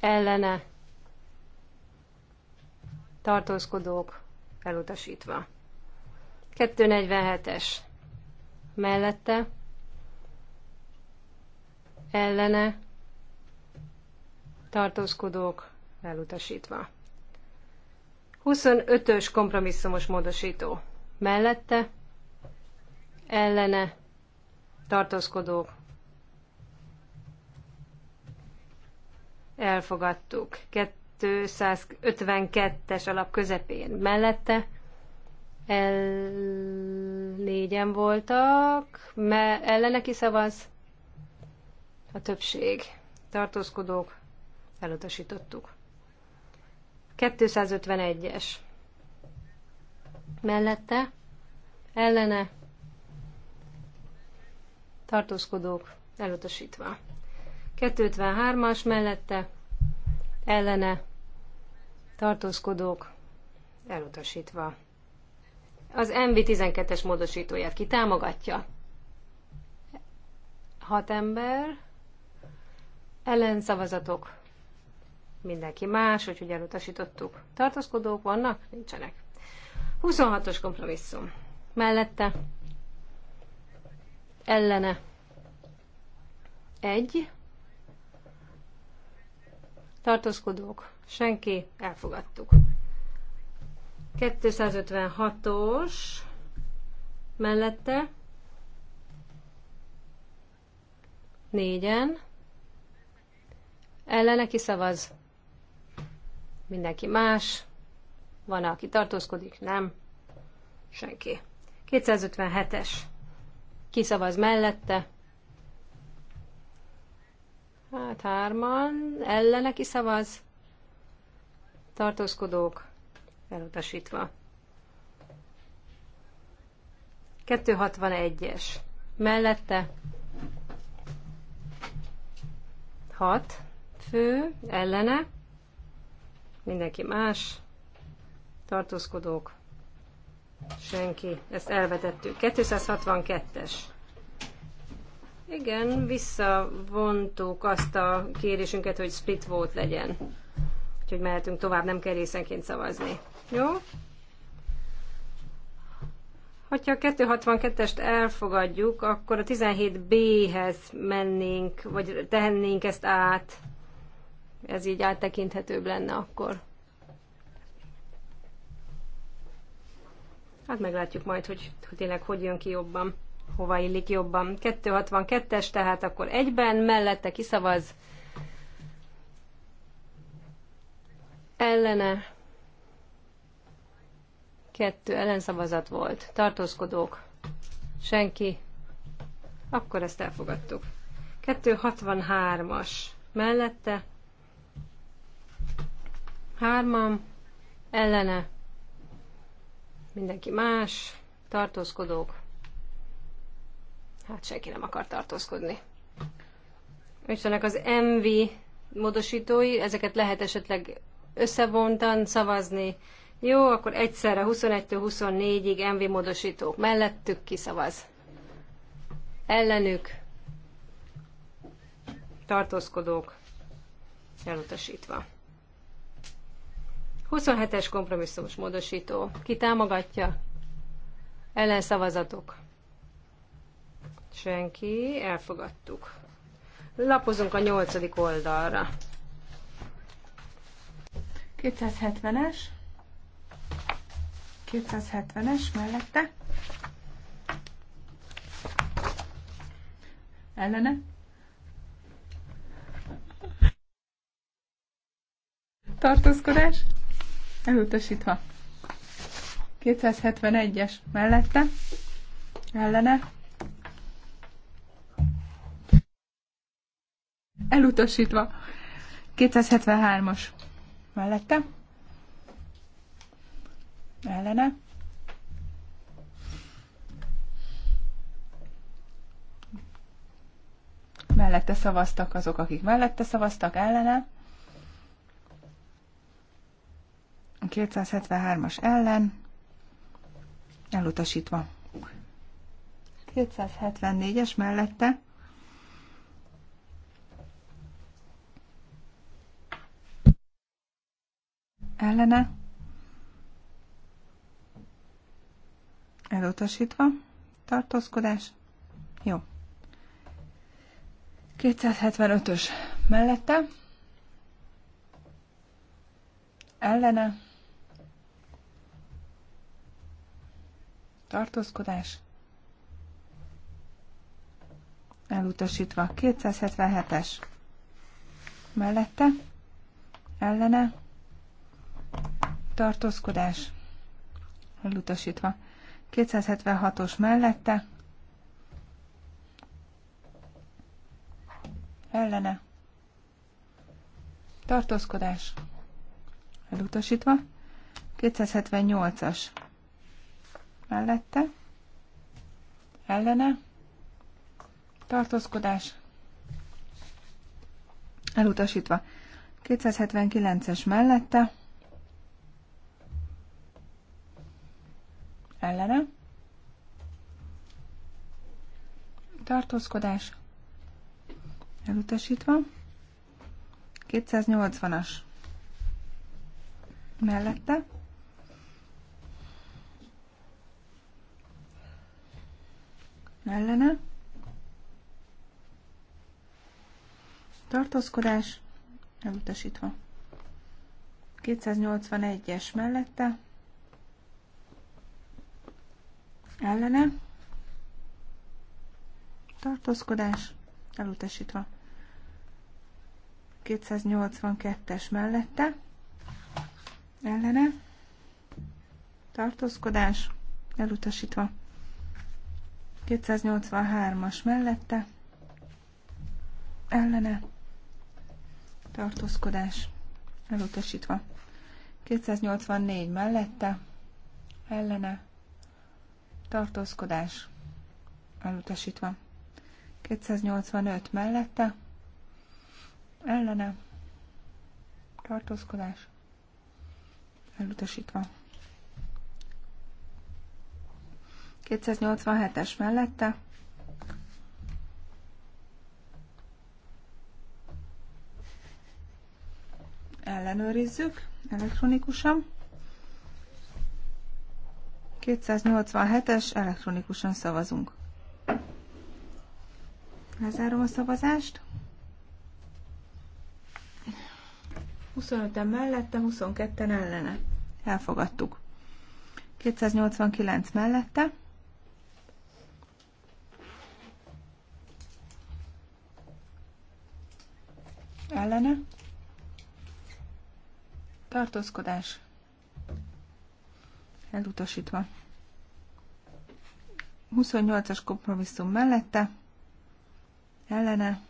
ellene, tartózkodók, elutasítva. 247-es mellette, ellene, tartózkodók, elutasítva. 25-ös kompromisszumos módosító mellette, ellene, tartózkodók, elfogadtuk. 252-es alap közepén mellette, el... négyen voltak, me... ellene kiszavaz a többség. Tartózkodók, elutasítottuk. 251-es mellette, ellene, tartózkodók elutasítva. 253-as mellette, ellene, tartózkodók elutasítva. Az MV12-es módosítóját ki támogatja? Hat ember, ellenszavazatok, mindenki más, úgyhogy elutasítottuk. Tartózkodók vannak? Nincsenek. 26-os kompromisszum. Mellette ellene egy tartózkodók, senki, elfogadtuk. 256-os mellette négyen ellene kiszavaz mindenki más, van, aki tartózkodik? Nem. Senki. 257-es. Kiszavaz mellette. Hát hárman. Ellene kiszavaz. Tartózkodók. Elutasítva. 261-es. Mellette 6 fő, ellene, mindenki más, tartózkodók, senki, ezt elvetettük. 262-es. Igen, visszavontuk azt a kérésünket, hogy split vote legyen. Úgyhogy mehetünk tovább, nem kell részenként szavazni. Jó? Hogyha a 262-est elfogadjuk, akkor a 17B-hez mennénk, vagy tehennénk ezt át. Ez így áttekinthetőbb lenne akkor. Hát meglátjuk majd, hogy, hogy tényleg hogy jön ki jobban, hova illik jobban. 262-es, tehát akkor egyben, mellette kiszavaz. Ellene. Kettő ellenszavazat volt. Tartózkodók. Senki. Akkor ezt elfogadtuk. 263-as. Mellette. Hárman. Ellene mindenki más, tartózkodók. Hát senki nem akar tartózkodni. És ennek az MV módosítói, ezeket lehet esetleg összevontan szavazni. Jó, akkor egyszerre 21 24-ig MV módosítók mellettük kiszavaz. Ellenük tartózkodók elutasítva. 27-es kompromisszumos módosító. Ki támogatja? Ellenszavazatok. Senki. Elfogadtuk. Lapozunk a nyolcadik oldalra. 270-es. 270-es mellette. Ellene. Tartózkodás elutasítva. 271-es mellette, ellene, elutasítva. 273-as mellette, ellene, mellette szavaztak azok, akik mellette szavaztak, ellene, 273-as ellen, elutasítva. 274-es mellette, ellene, elutasítva, tartózkodás, jó. 275-ös mellette, ellene, tartózkodás, elutasítva 277-es mellette, ellene, tartózkodás, elutasítva 276-os mellette, ellene, tartózkodás, elutasítva 278-as mellette, ellene, tartózkodás, elutasítva. 279-es mellette, ellene, tartózkodás, elutasítva. 280-as mellette, ellene. Tartózkodás elutasítva. 281-es mellette ellene. Tartózkodás elutasítva. 282-es mellette ellene. Tartózkodás elutasítva. 283-as mellette ellene tartózkodás elutasítva. 284 mellette ellene tartózkodás elutasítva. 285 mellette ellene tartózkodás elutasítva. 287-es mellette. Ellenőrizzük elektronikusan. 287-es elektronikusan szavazunk. Lezárom a szavazást. 25-en mellette, 22-en ellene. Elfogadtuk. 289 mellette. ellene, tartózkodás, elutasítva. 28-as kompromisszum mellette, ellene,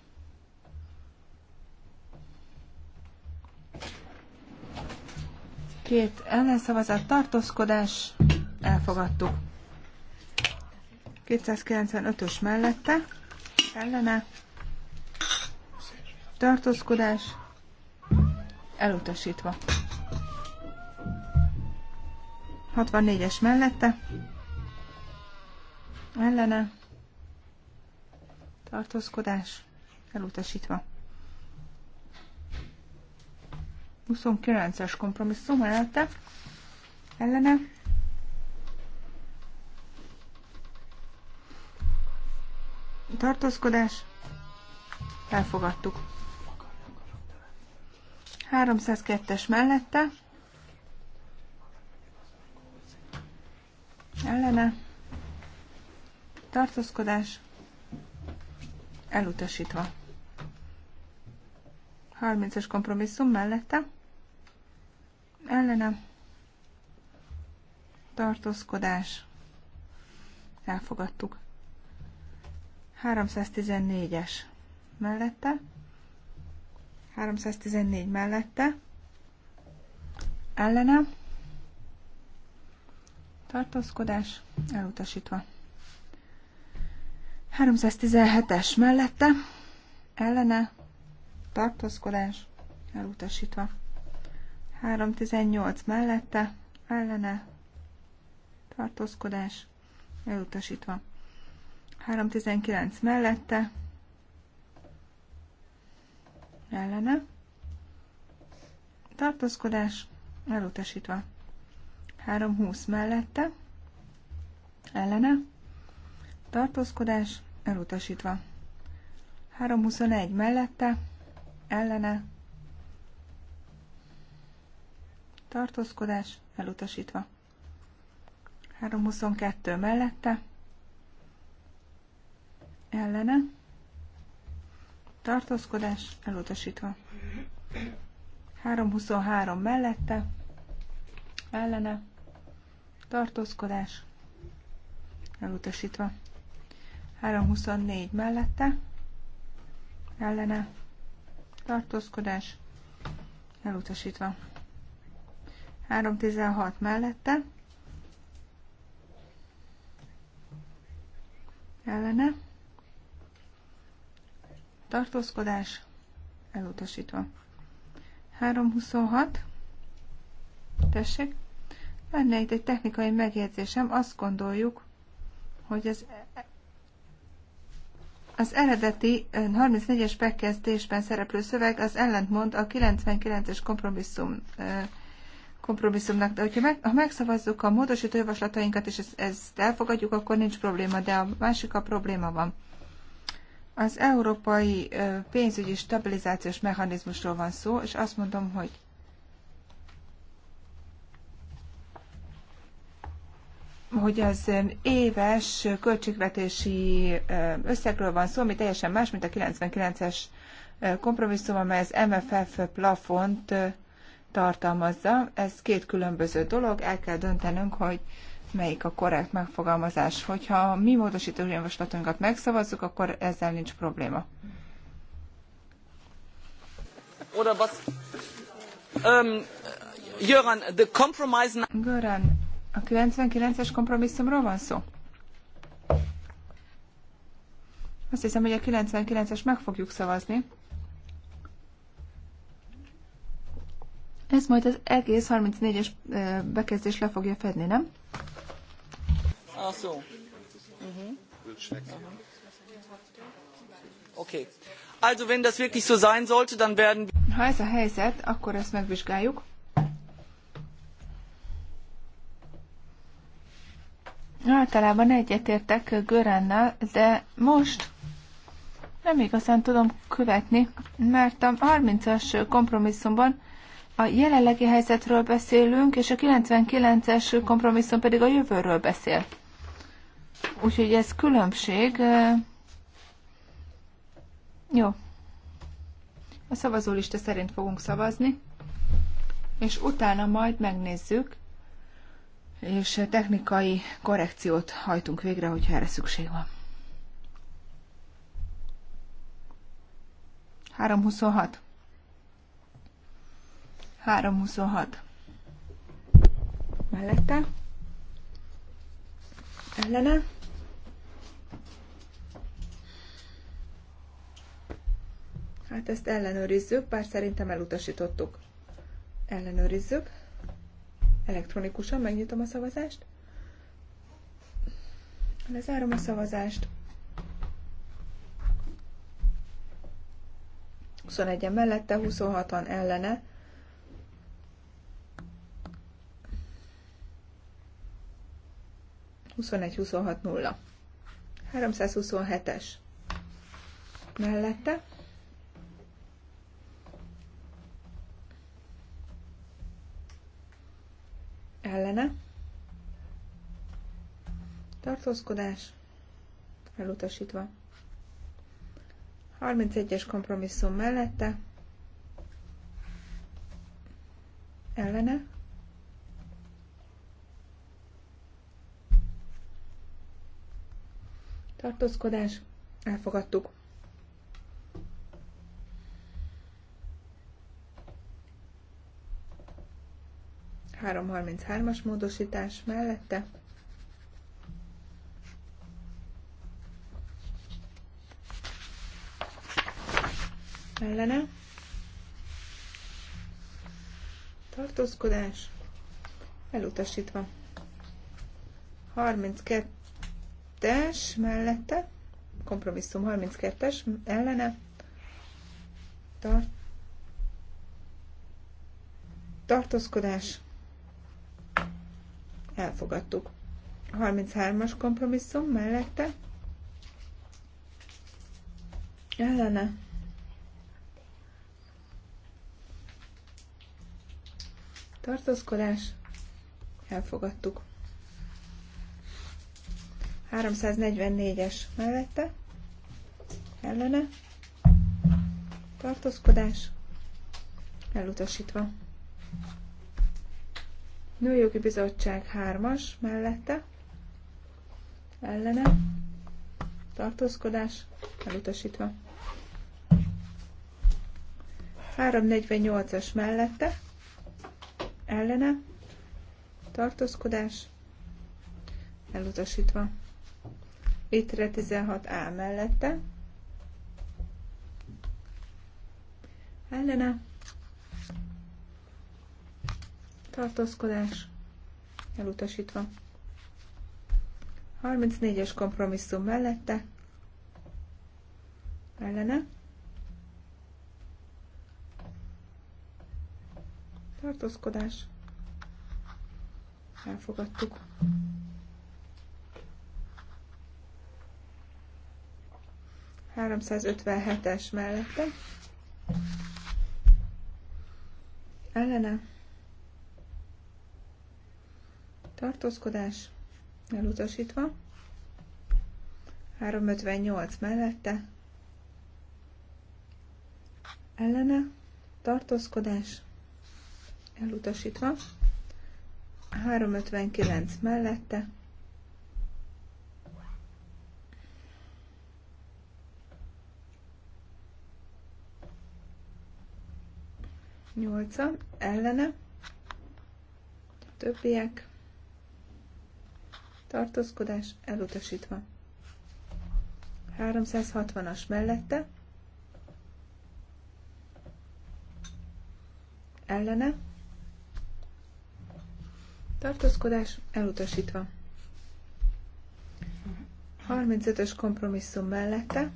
két ellenszavazat tartózkodás, elfogadtuk. 295-ös mellette, ellene, tartózkodás elutasítva. 64-es mellette, ellene, tartózkodás elutasítva. 29-es kompromisszum mellette, ellene, tartózkodás, elfogadtuk. 302-es mellette, ellene, tartózkodás, elutasítva. 30-es kompromisszum mellette, ellene, tartózkodás, elfogadtuk. 314-es mellette, 314 mellette, ellene, tartózkodás, elutasítva. 317-es mellette, ellene, tartózkodás, elutasítva. 318 mellette, ellene, tartózkodás, elutasítva. 319 mellette, ellene, tartózkodás elutasítva. 320 mellette, ellene, tartózkodás elutasítva. 321 mellette, ellene, tartózkodás elutasítva. 322 mellette, ellene, tartózkodás elutasítva. 323 mellette, ellene, tartózkodás elutasítva. 324 mellette, ellene, tartózkodás elutasítva. 316 mellette, ellene, tartózkodás elutasítva. 326. Tessék. Lenne itt egy technikai megjegyzésem. Azt gondoljuk, hogy az, e- az eredeti 34-es bekezdésben szereplő szöveg az ellentmond a 99-es kompromisszum kompromisszumnak, de hogyha meg, ha megszavazzuk a módosító javaslatainkat, és ezt, ezt elfogadjuk, akkor nincs probléma, de a másik a probléma van. Az európai pénzügyi stabilizációs mechanizmusról van szó, és azt mondom, hogy hogy az éves költségvetési összegről van szó, ami teljesen más, mint a 99-es kompromisszum, amely az MFF plafont tartalmazza. Ez két különböző dolog, el kell döntenünk, hogy melyik a korrekt megfogalmazás. Hogyha mi módosító javaslatunkat megszavazzuk, akkor ezzel nincs probléma. Oder was? Um, Jöran, the compromise... Göran, a 99-es kompromisszumról van szó? Azt hiszem, hogy a 99-es meg fogjuk szavazni. Ez majd az egész 34-es bekezdés le fogja fedni, nem? Ah, so. Mhm. mhm. Okay. Also wenn das wirklich so sein sollte, dann werden Ha ez a helyzet, akkor ezt megvizsgáljuk. Általában egyetértek Görennel, de most nem igazán tudom követni, mert a 30-as kompromisszumban a jelenlegi helyzetről beszélünk, és a 99-es kompromisszum pedig a jövőről beszél. Úgyhogy ez különbség. Jó. A szavazólista szerint fogunk szavazni, és utána majd megnézzük, és technikai korrekciót hajtunk végre, hogyha erre szükség van. 326. 326. Mellette ellene. Hát ezt ellenőrizzük, bár szerintem elutasítottuk. Ellenőrizzük. Elektronikusan megnyitom a szavazást. Lezárom a szavazást. 21-en mellette, 26-an ellene 21-26-0. 327-es. Mellette. Ellene. Tartózkodás. Elutasítva. 31-es kompromisszum mellette. Ellene. tartózkodás, elfogadtuk. Három harminc hármas módosítás mellette. Ellene. Tartózkodás. Elutasítva. 32 32-es mellette, kompromisszum 32-es ellene, tart, tartózkodás, elfogadtuk. 33-as kompromisszum mellette, ellene, tartózkodás, elfogadtuk. 344-es mellette, ellene, tartózkodás, elutasítva. Nőjogi Bizottság 3-as mellette, ellene, tartózkodás, elutasítva. 348-as mellette, ellene, tartózkodás, elutasítva. Ittre 16 áll mellette. Ellene. Tartózkodás. Elutasítva. 34-es kompromisszum mellette. Ellene. Tartózkodás. Elfogadtuk. 357-es mellette. Ellene. Tartózkodás elutasítva. 358 mellette. Ellene. Tartózkodás elutasítva. 359 mellette nyolca ellene. Többiek. Tartózkodás elutasítva. 360-as mellette. Ellene. Tartózkodás elutasítva. 35-ös kompromisszum mellette.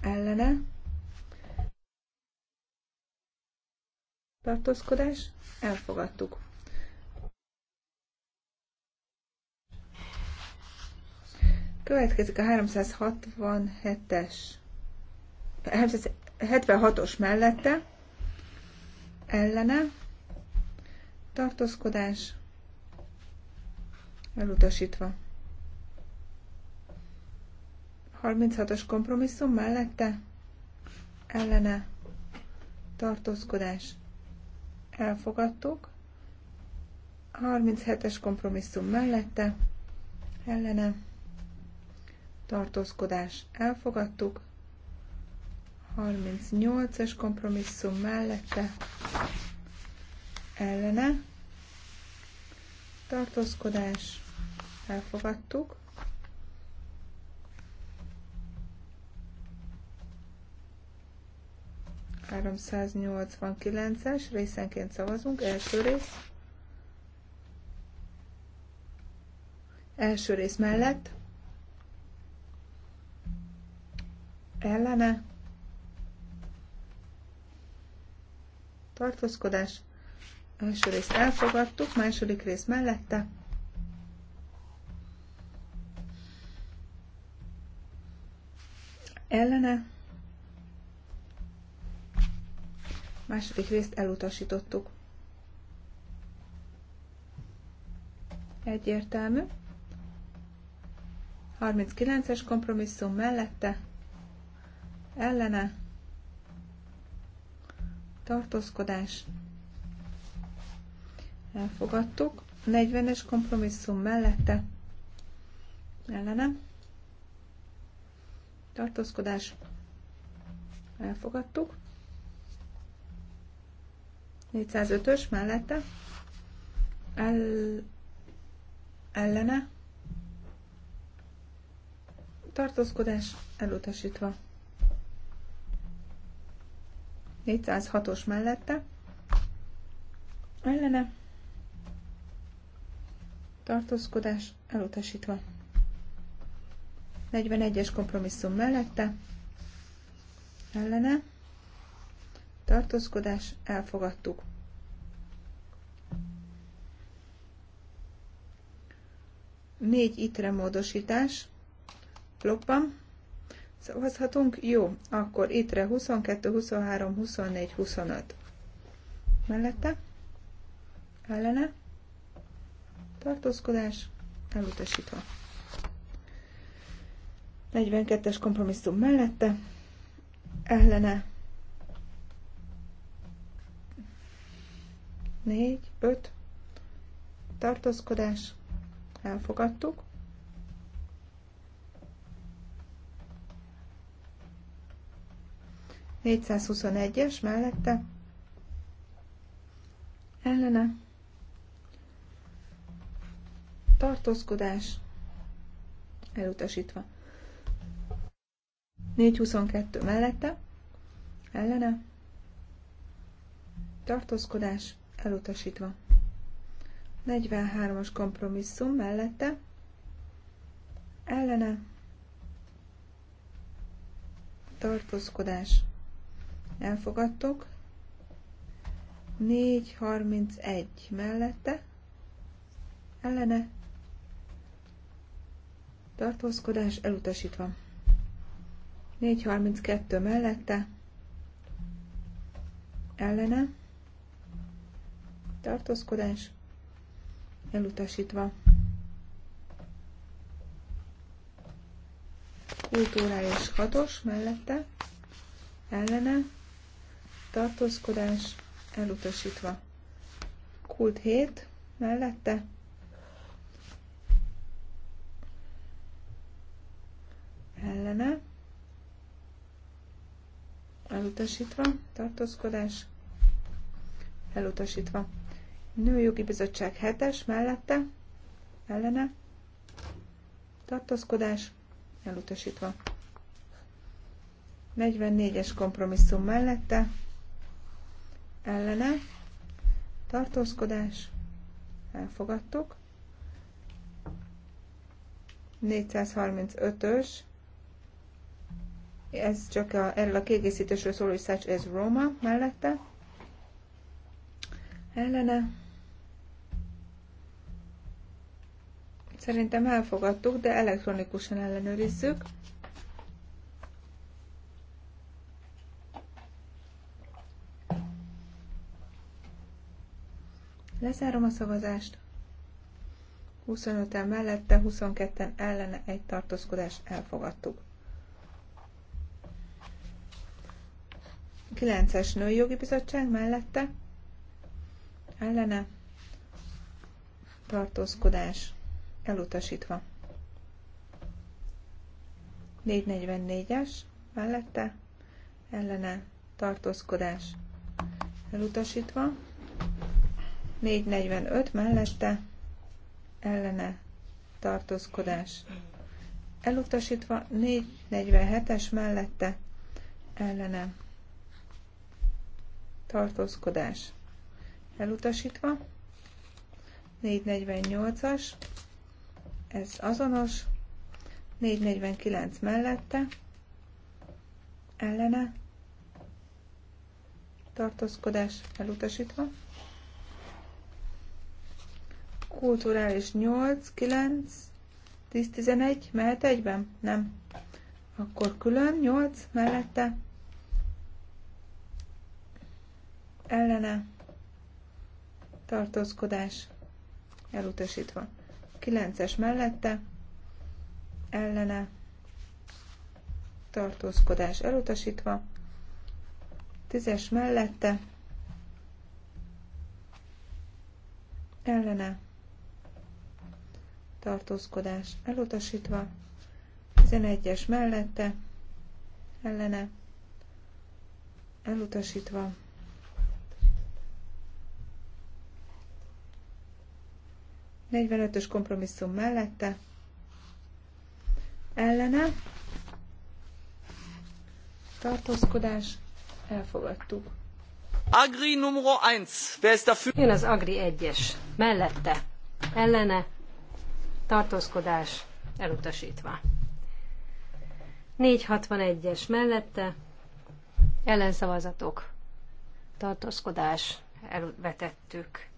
Ellene tartózkodás, elfogadtuk. Következik a 367-es, 76-os mellette, ellene, tartózkodás, elutasítva. 36-os kompromisszum mellette, ellene, tartózkodás, elfogadtuk. 37-es kompromisszum mellette, ellene, tartózkodás elfogadtuk. 38-es kompromisszum mellette, ellene, tartózkodás elfogadtuk. 389-es, részenként szavazunk, első rész. Első rész mellett. Ellene. Tartózkodás. Első részt elfogadtuk, második rész mellette. Ellene Második részt elutasítottuk. Egyértelmű. 39-es kompromisszum mellette, ellene, tartózkodás, elfogadtuk. 40-es kompromisszum mellette, ellene, tartózkodás, elfogadtuk. 405-ös mellette, el, ellene, tartózkodás elutasítva. 406-os mellette, ellene, tartózkodás elutasítva. 41-es kompromisszum mellette, ellene, tartózkodás, elfogadtuk. Négy itre módosítás blokkban. Szavazhatunk? Jó, akkor itre 22, 23, 24, 25. Mellette? Ellene? Tartózkodás, elutasítva. 42-es kompromisszum mellette, ellene 4, 5 tartózkodás elfogadtuk. Négyszázhuszonegyes mellette ellene tartózkodás elutasítva. 422 mellette ellene tartózkodás elutasítva. 43-as kompromisszum mellette, ellene, tartózkodás. elfogadtok, 4.31 mellette, ellene, tartózkodás elutasítva. 4.32 mellette, ellene, tartózkodás elutasítva. és hatos mellette ellene tartózkodás elutasítva. Kult 7 mellette ellene elutasítva, tartózkodás elutasítva. Nőjogi Bizottság 7-es mellette, ellene, tartózkodás, elutasítva. 44-es kompromisszum mellette, ellene, tartózkodás, elfogadtuk. 435-ös, ez csak a, erről a kiegészítésről szóló, hogy such as Roma mellette, ellene, Szerintem elfogadtuk, de elektronikusan ellenőrizzük. Lezárom a szavazást. 25-en mellette, 22-en ellene egy tartózkodás elfogadtuk. 9-es női jogi bizottság mellette, ellene tartózkodás elutasítva. 444-es mellette ellene tartózkodás elutasítva. 445 mellette ellene tartózkodás elutasítva. 447-es mellette ellene tartózkodás elutasítva. 448-as ez azonos, 449 mellette, ellene, tartózkodás elutasítva, kulturális 8, 9, 10, 11, mehet egyben? Nem. Akkor külön 8 mellette, ellene, tartózkodás elutasítva. 9-es mellette ellene tartózkodás elutasítva, 10-es mellette ellene tartózkodás elutasítva, 11-es mellette ellene elutasítva, 45-ös kompromisszum mellette, ellene, tartózkodás, elfogadtuk. Agri numero 1, wer Jön az Agri 1-es, mellette, ellene, tartózkodás, elutasítva. 461-es mellette, ellenszavazatok, tartózkodás, elvetettük.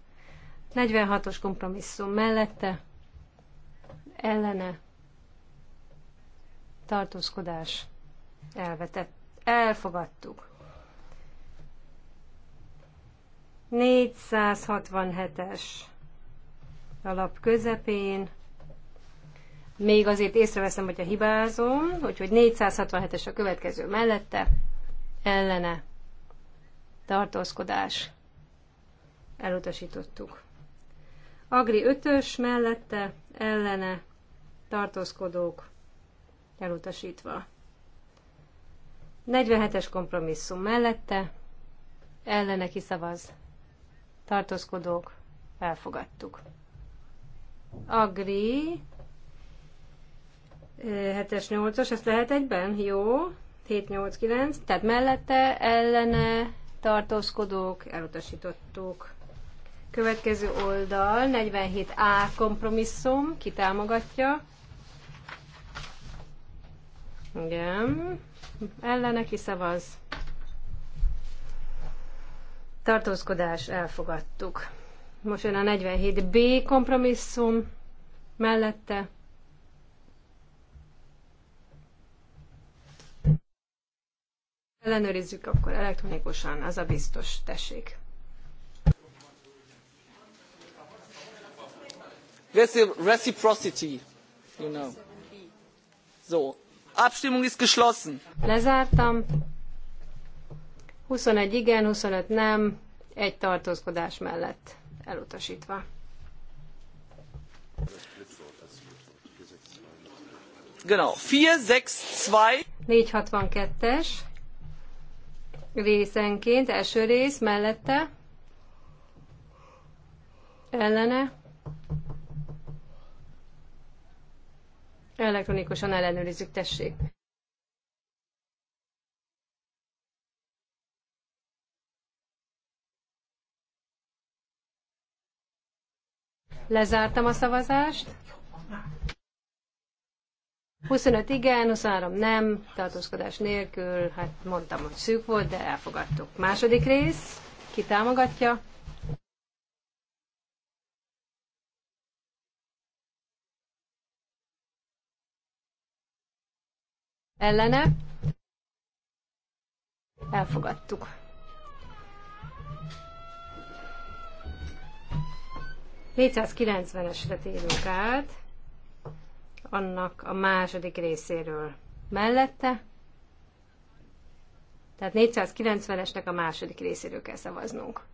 46-os kompromisszum mellette ellene tartózkodás elvetett. Elfogadtuk. 467-es alap közepén. Még azért észreveszem, hogyha hibázom, úgyhogy 467-es a következő mellette, ellene tartózkodás. Elutasítottuk. Agri 5-ös mellette ellene tartózkodók elutasítva. 47-es kompromisszum mellette ellene kiszavaz tartózkodók elfogadtuk. Agri 7-es, 8 os ezt lehet egyben? Jó. 7, 8, 9. Tehát mellette ellene tartózkodók elutasítottuk. Következő oldal, 47A kompromisszum, ki támogatja? Igen. Ellene ki szavaz? Tartózkodás, elfogadtuk. Most jön a 47B kompromisszum mellette. Ellenőrizzük akkor elektronikusan, az a biztos, tessék. reciprocity, you know. So, Abstimmung ist geschlossen. Lezártam. 21 igen, 25 nem, egy tartózkodás mellett elutasítva. Genau, 462. 462-es részenként, első rész mellette, ellene, Elektronikusan ellenőrizzük, tessék. Lezártam a szavazást. 25 igen, 23 nem, tartózkodás nélkül, hát mondtam, hogy szűk volt, de elfogadtuk. Második rész, ki támogatja? ellene elfogadtuk. esre térünk át, annak a második részéről mellette, tehát 490-esnek a második részéről kell szavaznunk.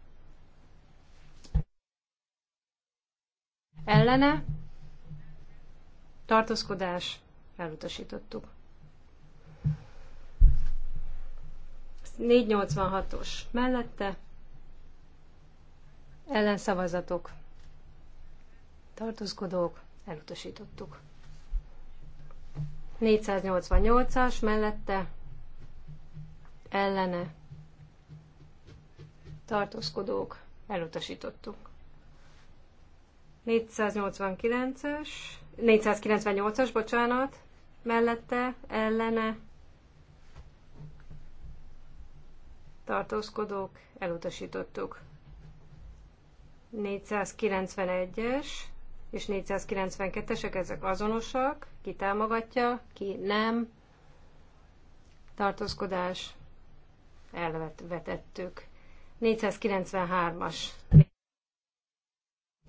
Ellene tartózkodás elutasítottuk. 486-os mellette ellenszavazatok, tartózkodók, elutasítottuk. 488-as mellette ellene tartózkodók, elutasítottuk. 489-es, 498-as, bocsánat, mellette, ellene, tartózkodók, elutasítottuk. 491-es és 492-esek, ezek azonosak, ki támogatja, ki nem, tartózkodás, elvetettük. 493-as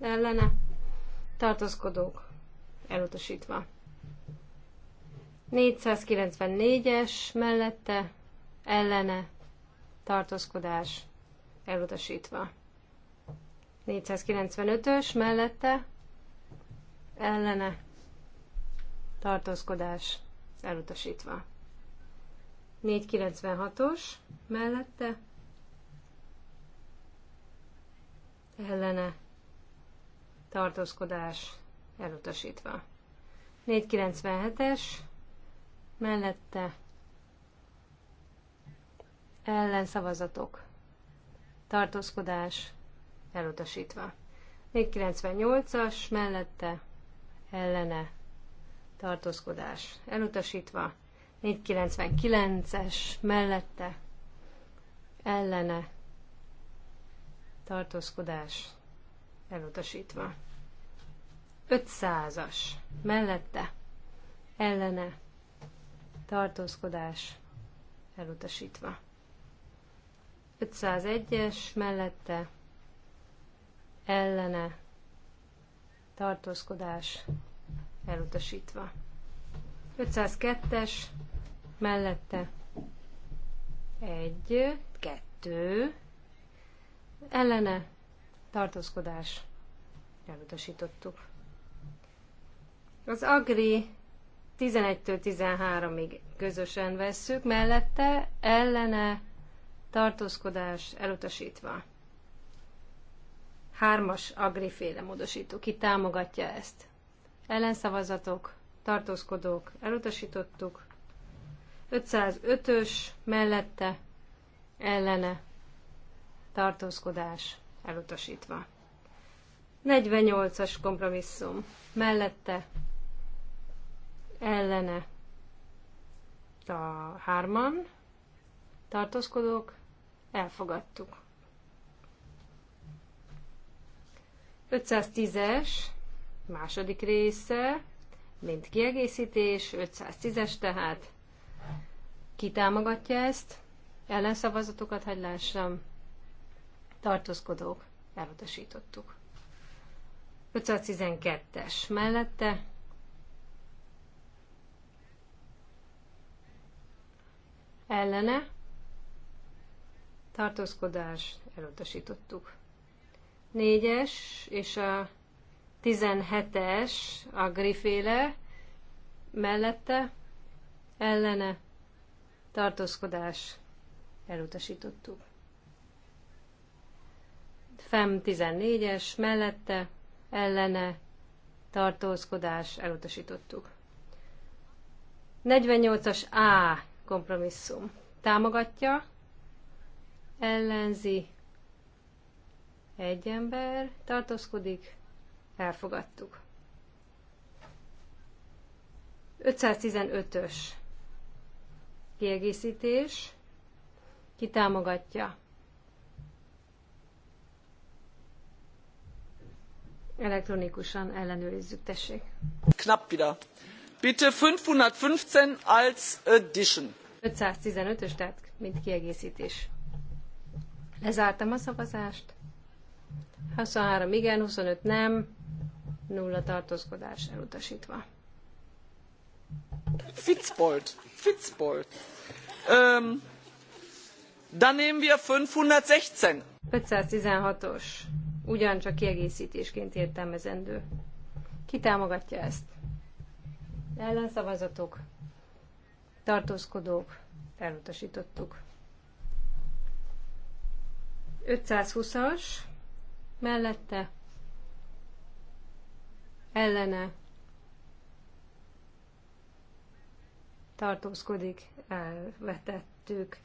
ellene, tartózkodók, elutasítva. 494-es mellette, ellene, tartózkodás elutasítva. 495-ös mellette ellene tartózkodás elutasítva. 496-os mellette ellene tartózkodás elutasítva. 497-es mellette ellenszavazatok, tartózkodás elutasítva. Még 98-as mellette ellene tartózkodás elutasítva. 499-es mellette ellene tartózkodás elutasítva. 500-as mellette ellene tartózkodás elutasítva. 501-es mellette ellene tartózkodás elutasítva. 502-es mellette 1, 2, ellene tartózkodás elutasítottuk. Az agri 11-től 13-ig közösen vesszük, mellette ellene tartózkodás elutasítva. Hármas agriféle módosító. Ki támogatja ezt? Ellenszavazatok, tartózkodók, elutasítottuk. 505-ös mellette, ellene, tartózkodás, elutasítva. 48-as kompromisszum, mellette, ellene, a hárman, tartózkodók, Elfogadtuk. 510-es, második része, mint kiegészítés, 510-es tehát. Ki támogatja ezt? Ellenszavazatokat hagy lássam. Tartózkodók, elutasítottuk. 512-es mellette. Ellene tartózkodás, elutasítottuk. Négyes és a 17-es a griféle mellette ellene tartózkodás elutasítottuk. FEM 14-es mellette ellene tartózkodás elutasítottuk. 48-as A kompromisszum támogatja, ellenzi, egy ember, tartózkodik, elfogadtuk. 515-ös kiegészítés, ki támogatja. Elektronikusan ellenőrizzük, tessék. Knapp wieder. Bitte 515 als addition. 515-ös, tehát mint kiegészítés. Lezártam a szavazást. 23 igen, 25 nem, nulla tartózkodás elutasítva. Fitzbold, Fitzbold. Um, dann nehmen wir 516. 516-os. Ugyancsak kiegészítésként értelmezendő. Ki támogatja ezt? Ellenszavazatok, tartózkodók, elutasítottuk. 520-as, mellette, ellene, tartózkodik, elvetettük.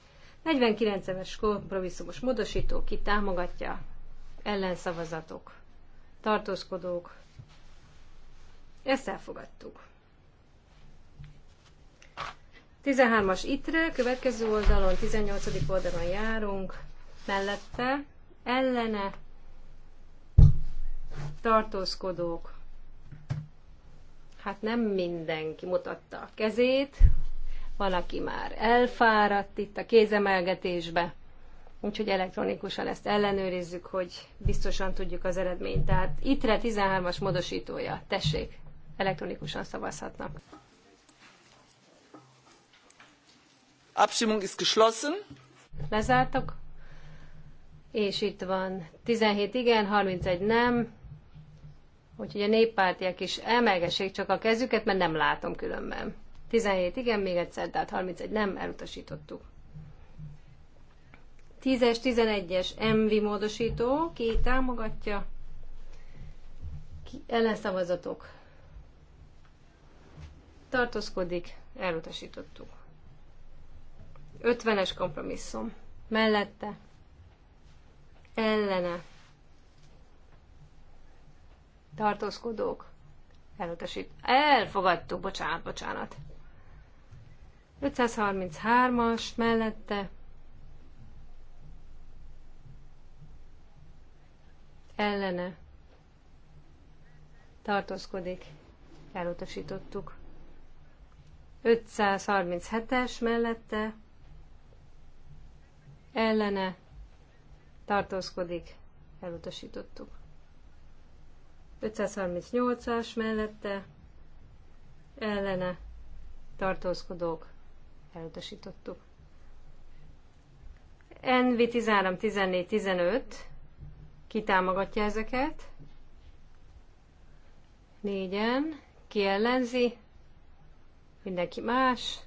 49 éves kompromisszumos módosító, ki támogatja, ellenszavazatok, tartózkodók, ezt elfogadtuk. 13-as ittre, következő oldalon, 18. oldalon járunk, mellette ellene tartózkodók. Hát nem mindenki mutatta a kezét, Valaki már elfáradt itt a kézemelgetésbe, úgyhogy elektronikusan ezt ellenőrizzük, hogy biztosan tudjuk az eredményt. Tehát ittre 13-as módosítója, tessék, elektronikusan szavazhatnak. Abstimmung ist geschlossen. Lezártok és itt van 17 igen, 31 nem, úgyhogy a néppártiak is emelgessék csak a kezüket, mert nem látom különben. 17 igen, még egyszer, tehát 31 nem, elutasítottuk. 10-es, 11-es MV módosító, ki támogatja, ki ellenszavazatok, tartózkodik, elutasítottuk. 50-es kompromisszum. Mellette ellene tartózkodók elutasít. Elfogadtuk, bocsánat, bocsánat. 533-as mellette ellene tartózkodik, elutasítottuk. 537-es mellette ellene tartózkodik, elutasítottuk. 538-as mellette ellene tartózkodók, elutasítottuk. NV 13, 14, 15 kitámogatja ezeket. Négyen, ki ellenzi, mindenki más,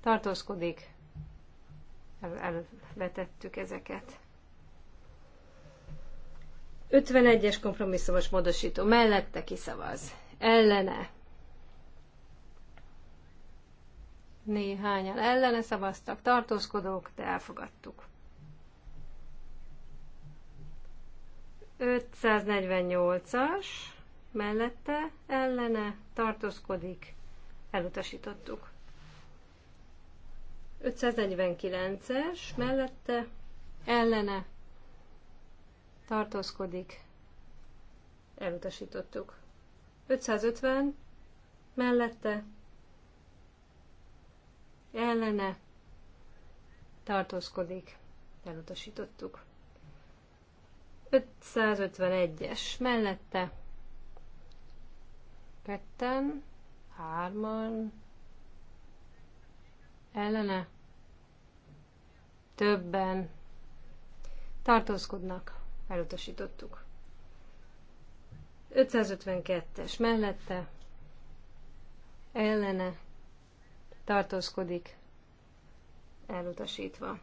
tartózkodik, elvetettük ezeket. 51-es kompromisszumos módosító mellette kiszavaz. Ellene. Néhányan ellene szavaztak, tartózkodók, de elfogadtuk. 548-as mellette ellene tartózkodik, elutasítottuk. 549-es mellette ellene tartózkodik, elutasítottuk. 550 mellette, ellene, tartózkodik, elutasítottuk. 551-es mellette, ketten, hárman, ellene, többen tartózkodnak elutasítottuk. 552-es mellette, ellene, tartózkodik, elutasítva.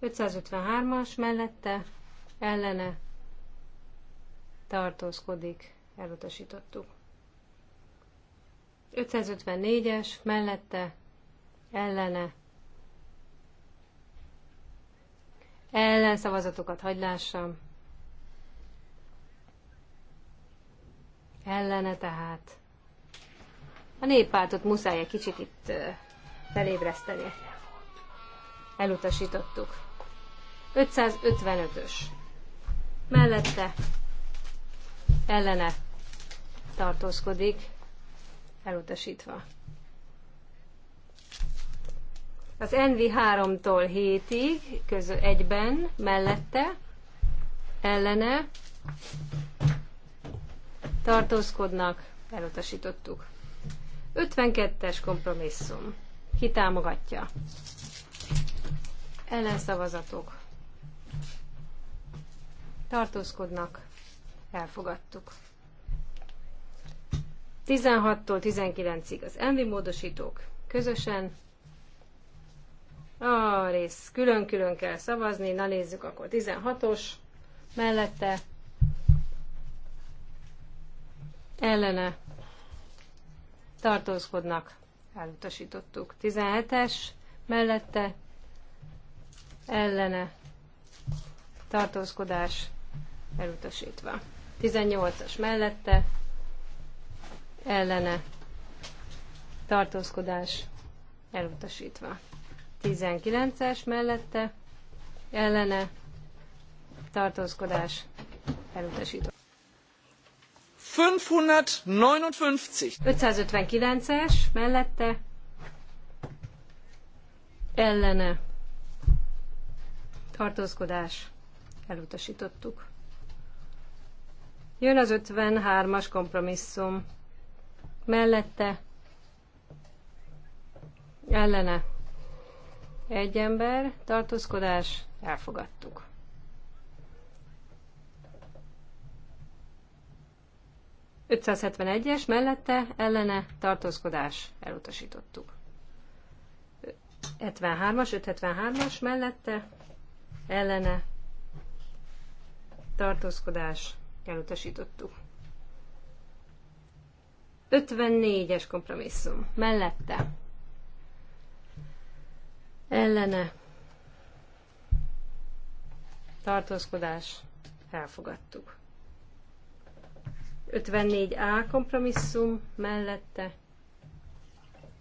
553-as mellette, ellene, tartózkodik, elutasítottuk. 554-es mellette, ellene, ellenszavazatokat hagylással ellene, tehát a néppártot muszáj egy kicsit itt felébreszteni. Elutasítottuk. 555-ös. Mellette ellene tartózkodik, elutasítva. Az Envi 3 tól 7-ig, közö egyben, mellette, ellene, tartózkodnak, elutasítottuk. 52-es kompromisszum. Ki támogatja? Ellenszavazatok. Tartózkodnak, elfogadtuk. 16-tól 19-ig az envi módosítók közösen. A rész külön-külön kell szavazni, na nézzük akkor 16-os mellette ellene tartózkodnak, elutasítottuk. 17-es mellette ellene tartózkodás elutasítva. 18-as mellette ellene tartózkodás elutasítva. 19-es mellette ellene tartózkodás elutasítva. 559. 559-es mellette ellene tartózkodás elutasítottuk. Jön az 53-as kompromisszum. Mellette ellene egy ember tartózkodás elfogadtuk. 571-es mellette ellene tartózkodás elutasítottuk. 73-as, 573-as mellette ellene tartózkodás elutasítottuk. 54-es kompromisszum mellette ellene tartózkodás elfogadtuk. 54A kompromisszum mellette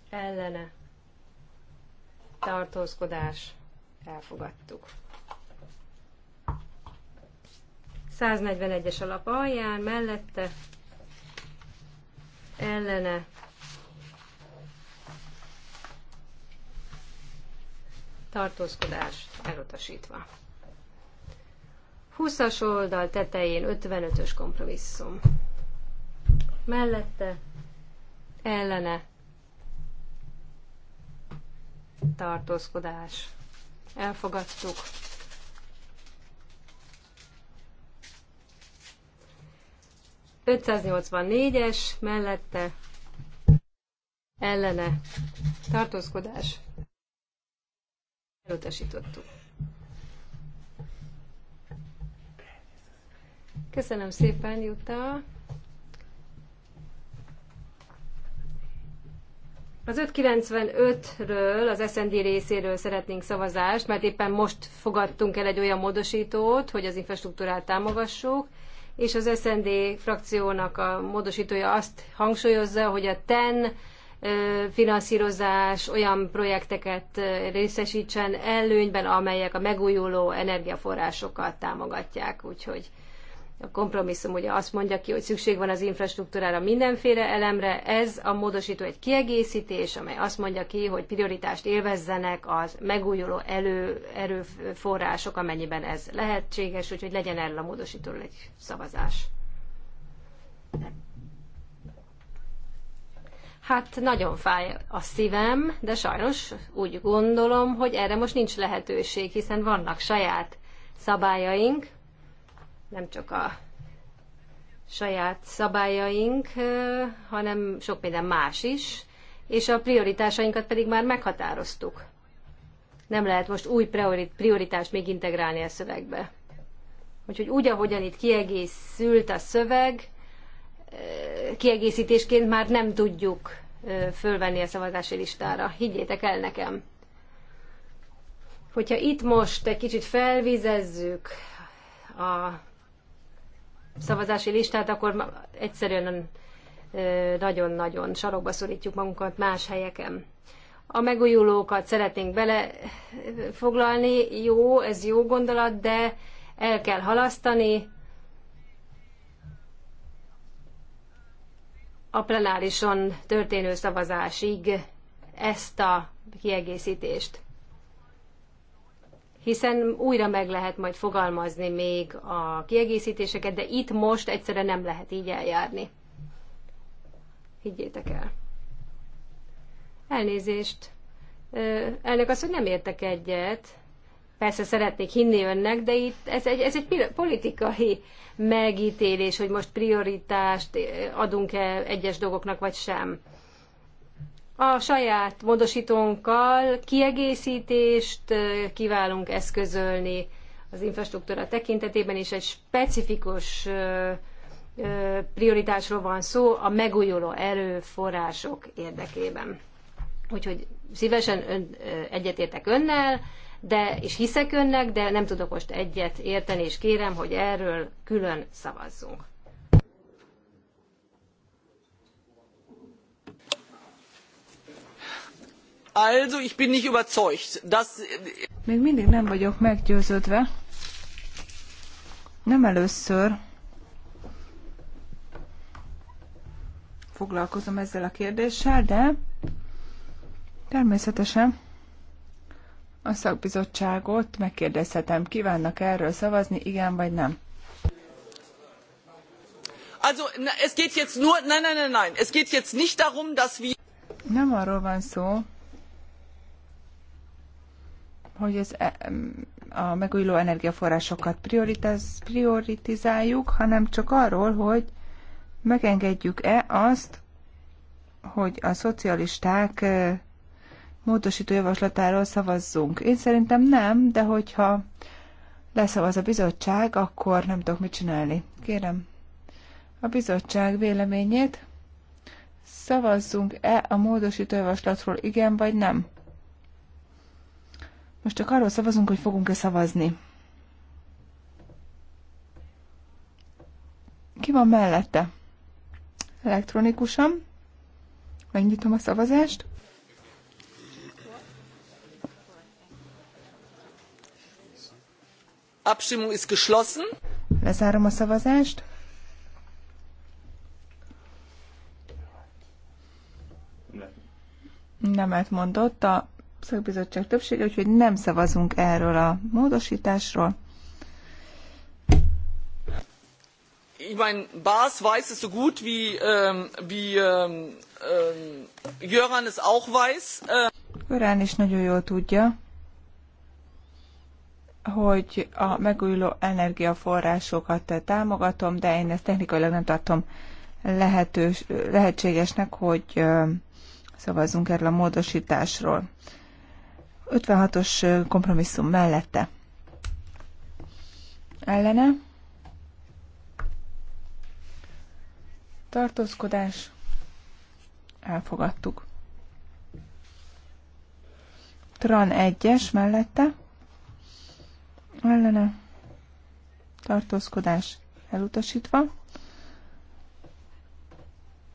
ellene tartózkodás elfogadtuk. 141-es alap alján mellette ellene tartózkodás elutasítva. 20-as oldal tetején 55-ös kompromisszum mellette, ellene, tartózkodás. Elfogadtuk. es mellette, ellene, tartózkodás. Elutasítottuk. Köszönöm szépen, Jutta. Az 595-ről, az SND részéről szeretnénk szavazást, mert éppen most fogadtunk el egy olyan módosítót, hogy az infrastruktúrát támogassuk, és az SND frakciónak a módosítója azt hangsúlyozza, hogy a TEN finanszírozás olyan projekteket részesítsen előnyben, amelyek a megújuló energiaforrásokat támogatják. Úgyhogy a kompromisszum ugye azt mondja ki, hogy szükség van az infrastruktúrára mindenféle elemre, ez a módosító egy kiegészítés, amely azt mondja ki, hogy prioritást élvezzenek az megújuló elő, erőforrások, amennyiben ez lehetséges, úgyhogy legyen erről a módosítóról egy szavazás. Hát nagyon fáj a szívem, de sajnos úgy gondolom, hogy erre most nincs lehetőség, hiszen vannak saját szabályaink, nem csak a saját szabályaink, hanem sok minden más is, és a prioritásainkat pedig már meghatároztuk. Nem lehet most új prioritást még integrálni a szövegbe. Úgyhogy úgy, ahogyan itt kiegészült a szöveg, kiegészítésként már nem tudjuk fölvenni a szavazási listára. Higgyétek el nekem. Hogyha itt most egy kicsit felvizezzük a szavazási listát, akkor egyszerűen nagyon-nagyon sarokba szorítjuk magunkat más helyeken. A megújulókat szeretnénk belefoglalni, jó, ez jó gondolat, de el kell halasztani. A plenárison történő szavazásig ezt a kiegészítést hiszen újra meg lehet majd fogalmazni még a kiegészítéseket, de itt most egyszerűen nem lehet így eljárni. Higgyétek el. Elnézést. Elnök azt, hogy nem értek egyet. Persze szeretnék hinni önnek, de itt ez egy, ez egy politikai megítélés, hogy most prioritást adunk-e egyes dolgoknak, vagy sem a saját módosítónkkal kiegészítést kívánunk eszközölni az infrastruktúra tekintetében, és egy specifikus prioritásról van szó a megújuló erőforrások érdekében. Úgyhogy szívesen ön, egyetértek önnel, de, és hiszek önnek, de nem tudok most egyet érteni, és kérem, hogy erről külön szavazzunk. Also, ich bin nicht überzeugt, dass... Még mindig nem vagyok meggyőződve. Nem először foglalkozom ezzel a kérdéssel, de természetesen a szakbizottságot megkérdezhetem, kívánnak erről szavazni, igen vagy nem. Also, es geht jetzt nur, nein, nein, nein, nein, es geht jetzt nicht darum, dass wir... Nem arról van szó, hogy az, e- a megújuló energiaforrásokat prioritizáljuk, hanem csak arról, hogy megengedjük-e azt, hogy a szocialisták módosító javaslatáról szavazzunk. Én szerintem nem, de hogyha leszavaz a bizottság, akkor nem tudok mit csinálni. Kérem a bizottság véleményét. Szavazzunk-e a módosító javaslatról igen vagy nem? Most csak arról szavazunk, hogy fogunk-e szavazni. Ki van mellette? Elektronikusan. Megnyitom a szavazást. Abstimmung ist geschlossen. Lezárom a szavazást. Nemet mondott a szakbizottság többsége, úgyhogy nem szavazunk erről a módosításról. Ich meine, Bas weiß es so gut, wie, ähm, wie ähm, Jöran ähm, es auch weiß. Jöran is nagyon jól tudja, hogy a megújuló energiaforrásokat támogatom, de én ezt technikailag nem tartom lehetős, lehetségesnek, hogy szavazzunk erről a módosításról. 56-os kompromisszum mellette. Ellene. Tartózkodás. Elfogadtuk. Tran 1-es mellette. Ellene. Tartózkodás elutasítva.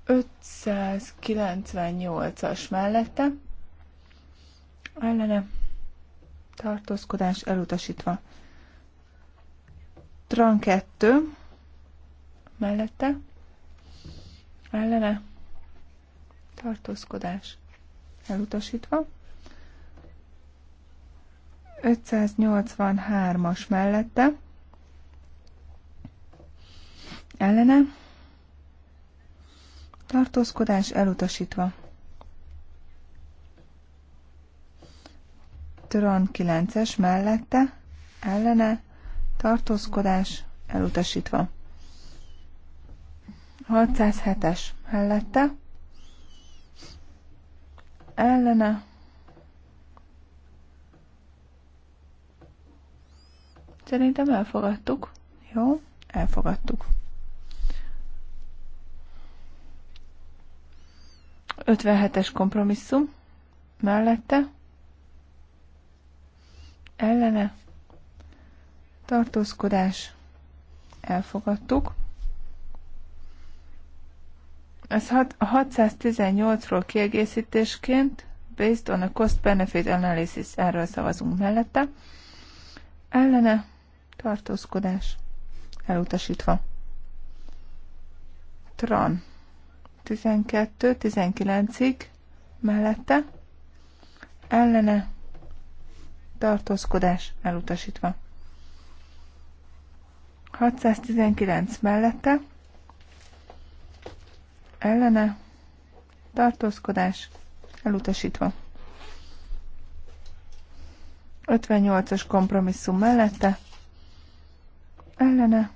598-as mellette ellene tartózkodás elutasítva. Tran 2 mellette ellene tartózkodás elutasítva. 583-as mellette ellene tartózkodás elutasítva. Tron 9-es mellette, ellene, tartózkodás, elutasítva. 607-es mellette, ellene, Szerintem elfogadtuk. Jó, elfogadtuk. 57-es kompromisszum mellette ellene tartózkodás elfogadtuk. Ez hat, a 618-ról kiegészítésként, based on a cost-benefit analysis, erről szavazunk mellette, ellene tartózkodás elutasítva. Tran 12-19-ig mellette, ellene tartózkodás elutasítva. 619 mellette, ellene, tartózkodás elutasítva. 58-as kompromisszum mellette, ellene,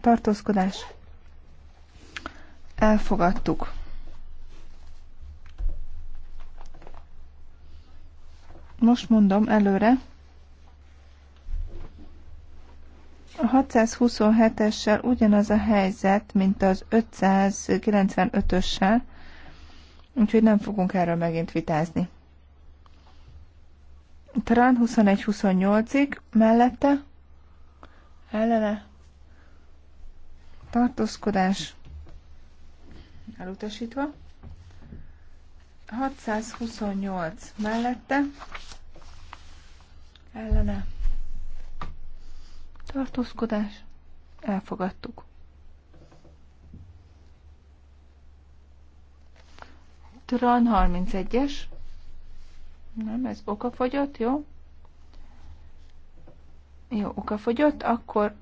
tartózkodás elfogadtuk. Most mondom előre. A 627-essel ugyanaz a helyzet, mint az 595-össel, úgyhogy nem fogunk erről megint vitázni. Trán 21-28-ig mellette ellene tartózkodás elutasítva. 628 mellette, ellene, tartózkodás, elfogadtuk. Tran 31-es, nem, ez okafogyott, jó? Jó, okafogyott, akkor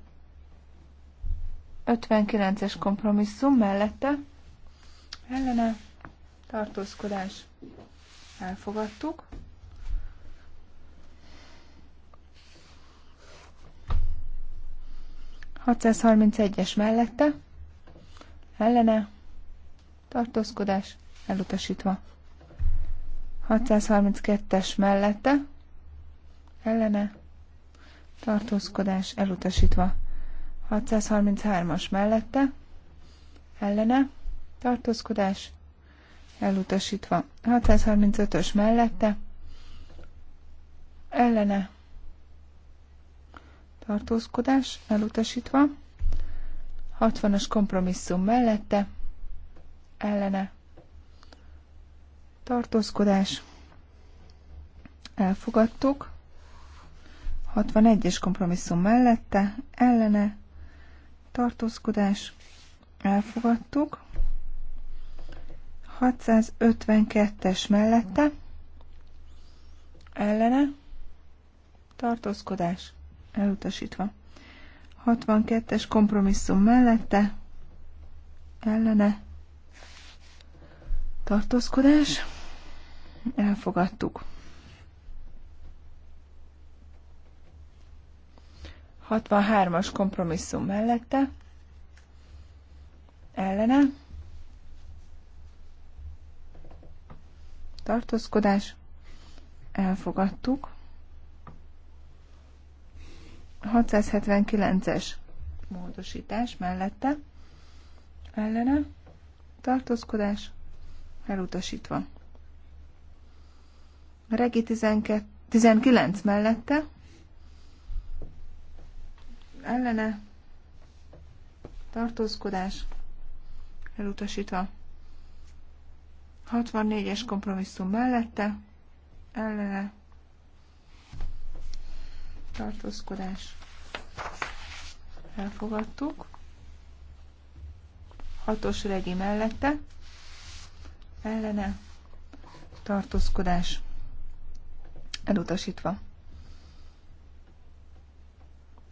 59-es kompromisszum mellette, ellene, tartózkodás elfogadtuk. es mellette ellene tartózkodás elutasítva. 632-es mellette ellene tartózkodás elutasítva. 633-as mellette ellene tartózkodás elutasítva. 635-ös mellette, ellene tartózkodás elutasítva, 60-as kompromisszum mellette, ellene tartózkodás elfogadtuk, 61-es kompromisszum mellette, ellene tartózkodás elfogadtuk, 652-es mellette ellene tartózkodás elutasítva. 62-es kompromisszum mellette ellene tartózkodás elfogadtuk. 63-as kompromisszum mellette ellene tartózkodás, elfogadtuk. 679-es módosítás mellette, ellene, tartózkodás, elutasítva. Regi 12, 19 mellette, ellene, tartózkodás, elutasítva. 64-es kompromisszum mellette, ellene, tartózkodás, elfogadtuk. 6-os regi mellette, ellene, tartózkodás, elutasítva.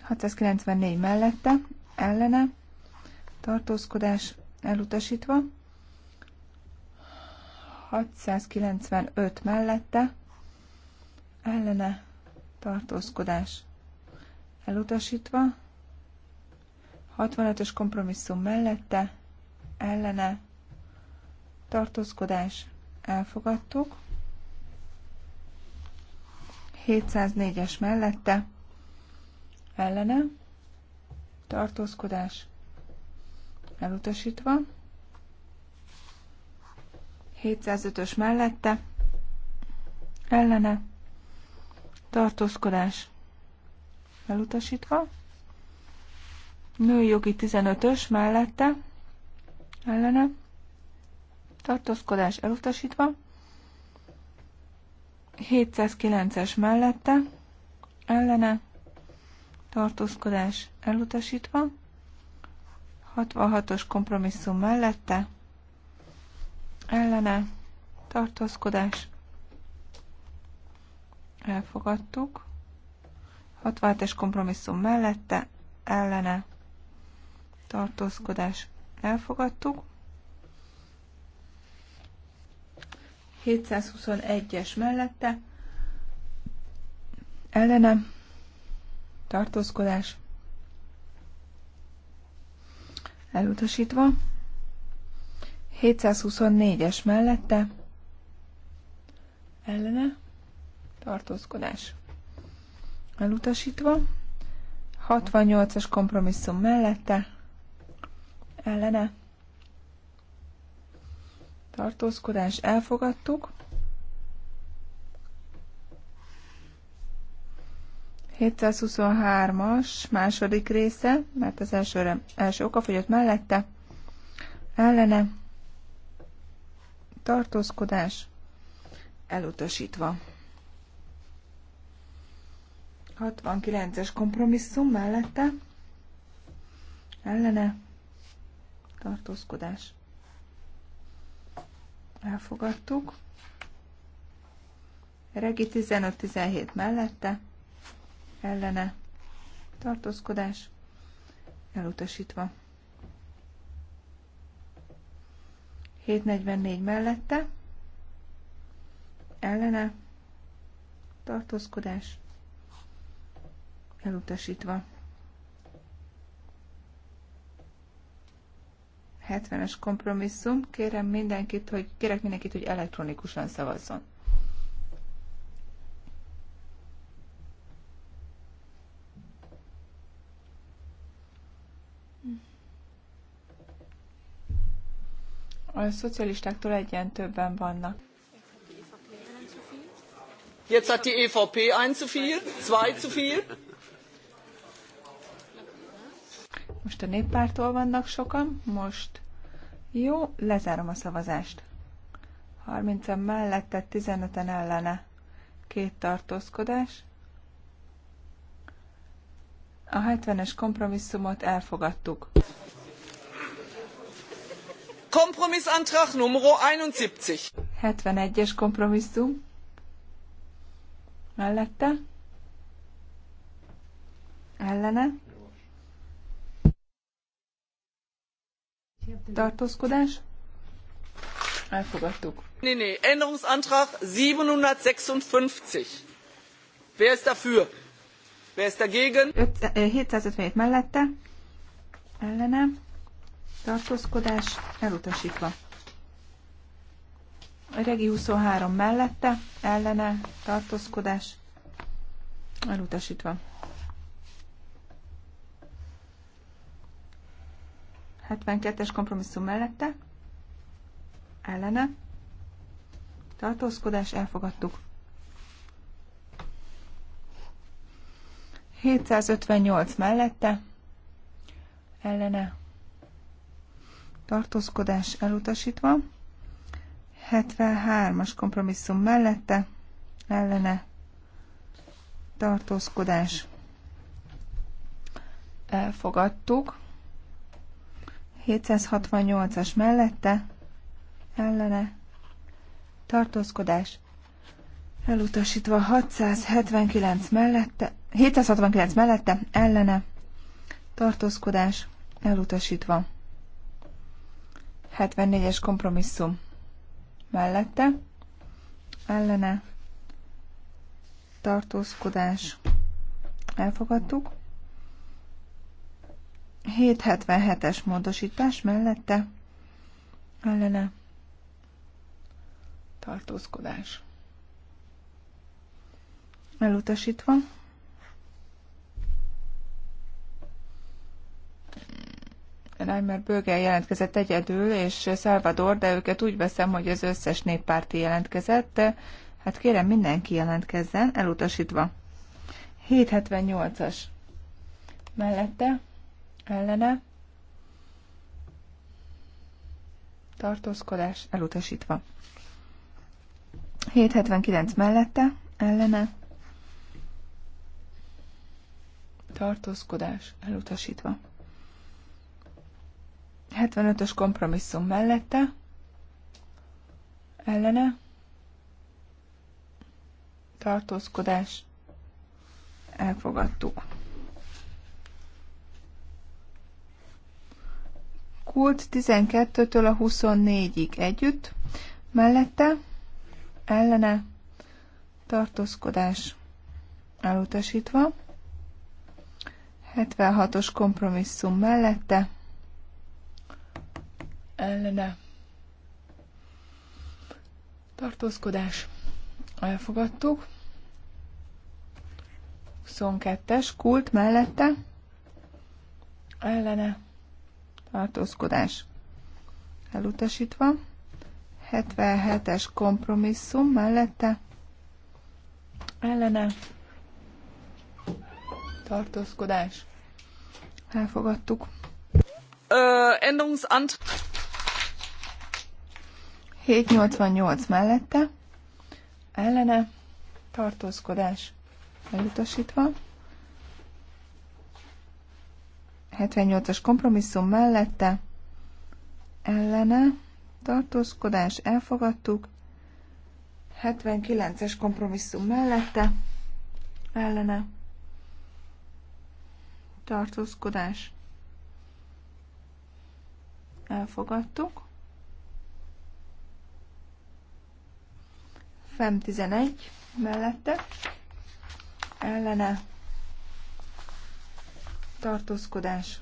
694 mellette, ellene, tartózkodás, elutasítva. 695 mellette ellene tartózkodás elutasítva, 65-ös kompromisszum mellette ellene tartózkodás elfogadtuk, 704-es mellette ellene tartózkodás elutasítva, 705-ös mellette, ellene, tartózkodás elutasítva, nőjogi 15-ös mellette, ellene, tartózkodás elutasítva, 709-es mellette, ellene, tartózkodás elutasítva, 66-os kompromisszum mellette, ellene tartózkodás elfogadtuk. Hatváltás kompromisszum mellette ellene tartózkodás elfogadtuk. 721-es mellette ellene tartózkodás elutasítva. 724-es mellette ellene tartózkodás elutasítva, 68-as kompromisszum mellette ellene tartózkodás elfogadtuk, 723-as második része, mert az elsőre, első okafogyott mellette, ellene tartózkodás elutasítva. 69-es kompromisszum mellette ellene tartózkodás. Elfogadtuk. Regi 15-17 mellette ellene tartózkodás elutasítva. 744 mellette, ellene, tartózkodás, elutasítva. 70-es kompromisszum. Kérem mindenkit, hogy, kérek mindenkit, hogy elektronikusan szavazzon. A szocialistáktól egyen többen vannak. Jetzt hat die EVP ein zu viel, zwei zu viel. Most a néppártól vannak sokan, most jó, lezárom a szavazást. 30-en mellette, 15-en ellene. Két tartózkodás. A 70-es kompromisszumot elfogadtuk. Kompromissantrag 71. 71-es kompromisszum. Mellette. Ellene. Tartózkodás. Elfogadtuk. Nee, nee. Änderungsantrag 756. Wer ist dafür? Wer ist dagegen? 5, 757 eh, mellette. Ellene tartózkodás elutasítva. A regi 23 mellette, ellene, tartózkodás elutasítva. es kompromisszum mellette, ellene, tartózkodás elfogadtuk. 758 mellette, ellene, tartózkodás elutasítva, 73-as kompromisszum mellette, ellene tartózkodás elfogadtuk, 768-as mellette, ellene tartózkodás elutasítva 679 mellette, 769 mellette, ellene tartózkodás elutasítva. 74-es kompromisszum mellette, ellene tartózkodás elfogadtuk. 777-es módosítás mellette ellene tartózkodás elutasítva. Reimer Bögel jelentkezett egyedül, és Salvador, de őket úgy veszem, hogy az összes néppárti jelentkezett. Hát kérem, mindenki jelentkezzen, elutasítva. 778-as. Mellette, ellene, tartózkodás, elutasítva. 779 mellette, ellene, tartózkodás, elutasítva. 75-ös kompromisszum mellette, ellene, tartózkodás, elfogadtuk. Kult 12-től a 24-ig együtt, mellette, ellene, tartózkodás, elutasítva, 76-os kompromisszum mellette, ellene tartózkodás elfogadtuk. 22-es kult mellette ellene tartózkodás elutasítva. 77-es kompromisszum mellette ellene tartózkodás elfogadtuk. Änderungsantrag 788 mellette, ellene, tartózkodás elutasítva. 78-as kompromisszum mellette, ellene, tartózkodás elfogadtuk. 79-es kompromisszum mellette, ellene, tartózkodás elfogadtuk. FEM 11 mellette ellene tartózkodás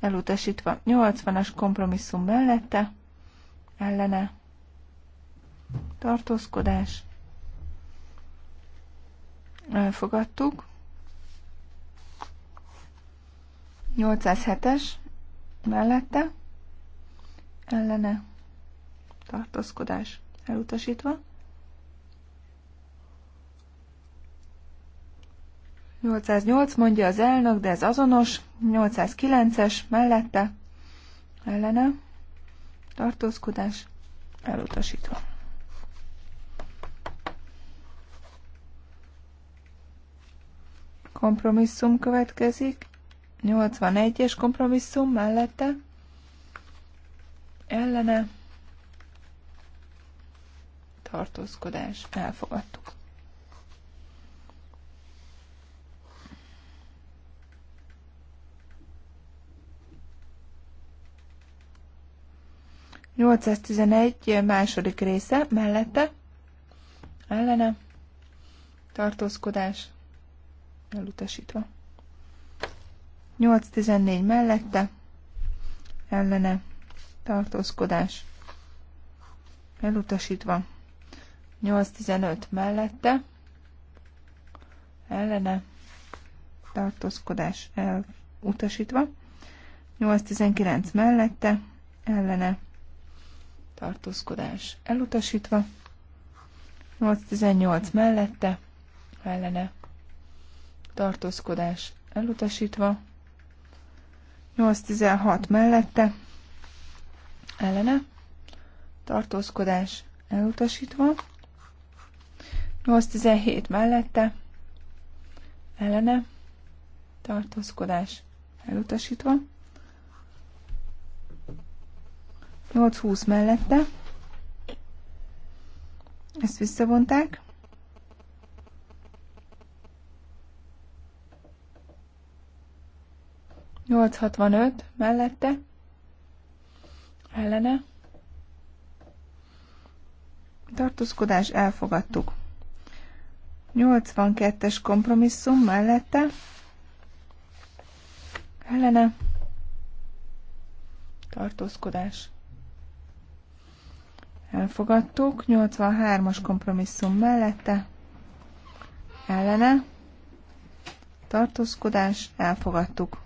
elutasítva 80-as kompromisszum mellette ellene tartózkodás elfogadtuk 807-es mellette ellene tartózkodás elutasítva. 808 mondja az elnök, de ez azonos. 809-es mellette ellene tartózkodás elutasítva. Kompromisszum következik. 81-es kompromisszum mellette ellene tartózkodás elfogadtuk. egy második része mellette, ellene, tartózkodás elutasítva. 814 mellette, ellene, tartózkodás, elutasítva. 8-15 mellette ellene tartózkodás elutasítva, 8-19 mellette ellene tartózkodás elutasítva, 8-18 mellette ellene tartózkodás elutasítva, 8-16 mellette ellene tartózkodás elutasítva, 17 mellette ellene tartózkodás elutasítva. 20 mellette ezt visszavonták. Nyolc hatvanöt mellette, ellene, tartózkodás elfogadtuk. 82-es kompromisszum mellette Helena. tartózkodás. Elfogadtuk. 83-as kompromisszum mellette ellene tartózkodás. Elfogadtuk.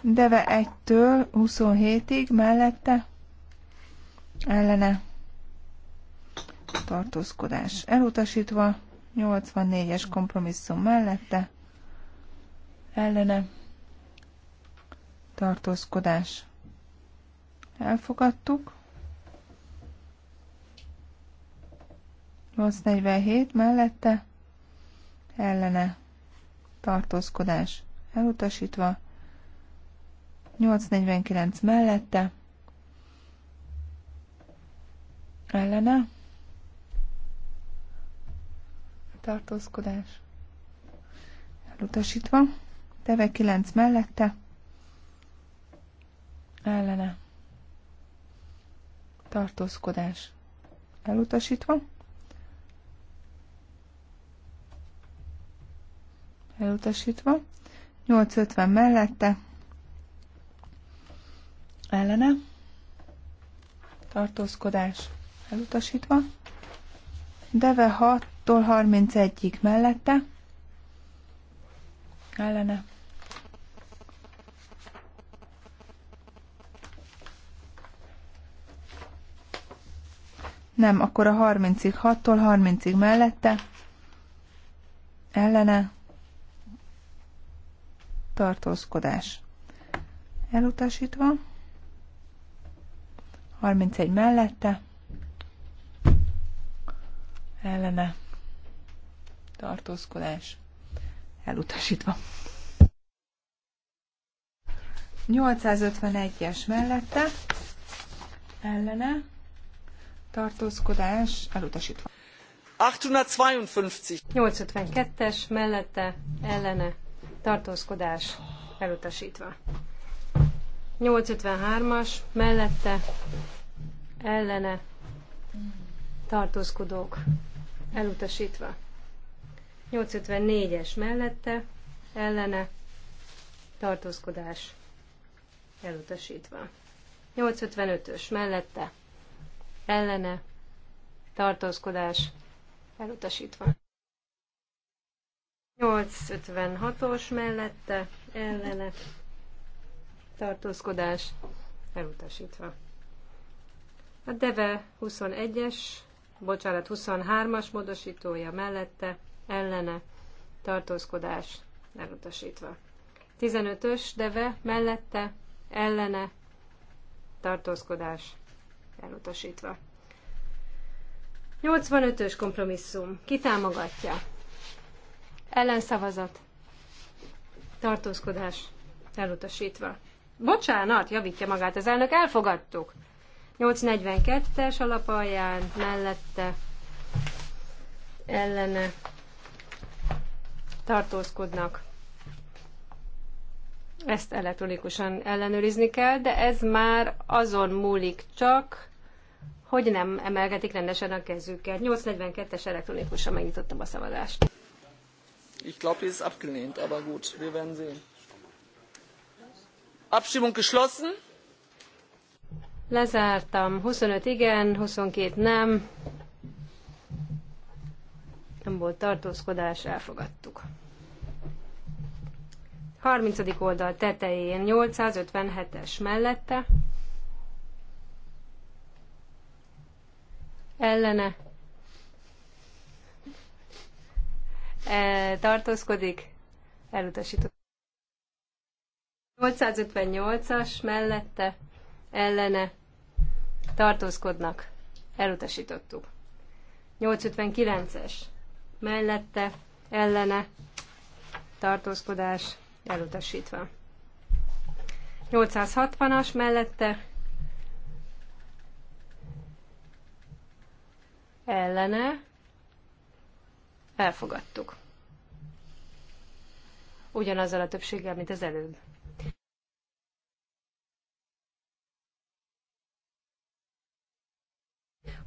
Deve 1-től 27-ig mellette ellene tartózkodás elutasítva, 84-es kompromisszum mellette, ellene, tartózkodás elfogadtuk, 847 mellette, ellene, tartózkodás elutasítva, 849 mellette, ellene, tartózkodás elutasítva. Teve 9 mellette, ellene tartózkodás elutasítva. Elutasítva. 850 mellette, ellene tartózkodás elutasítva. Deve 6 6-tól 31-ig mellette, ellene. Nem, akkor a 30-ig, 6-tól 30-ig mellette, ellene, tartózkodás. Elutasítva, 31 mellette, ellene, tartózkodás elutasítva. 851-es mellette ellene tartózkodás elutasítva. 852. 852-es mellette ellene tartózkodás elutasítva. 853-as mellette ellene tartózkodók elutasítva. 854-es mellette ellene tartózkodás elutasítva. 855-ös mellette ellene tartózkodás elutasítva. 856-os mellette ellene tartózkodás elutasítva. A DEVE 21-es, bocsánat, 23-as módosítója mellette ellene tartózkodás elutasítva. 15-ös deve mellette ellene tartózkodás elutasítva. 85-ös kompromisszum. Ki támogatja? Ellenszavazat. Tartózkodás elutasítva. Bocsánat, javítja magát az elnök, elfogadtuk. 842-es alapalján mellette ellene tartózkodnak. Ezt elektronikusan ellenőrizni kell, de ez már azon múlik csak, hogy nem emelgetik rendesen a kezüket. 842-es elektronikusan megnyitottam a szavazást. Ich glaube, es ist abgelehnt, aber gut, wir werden sehen. Abstimmung geschlossen. Lezártam. 25 igen, 22 nem nem volt tartózkodás, elfogadtuk. 30. oldal tetején 857-es mellette ellene e, tartózkodik, elutasított. 858-as mellette ellene tartózkodnak, elutasítottuk. 859-es mellette, ellene, tartózkodás elutasítva. 860-as mellette, ellene, elfogadtuk. Ugyanazzal a többséggel, mint az előbb.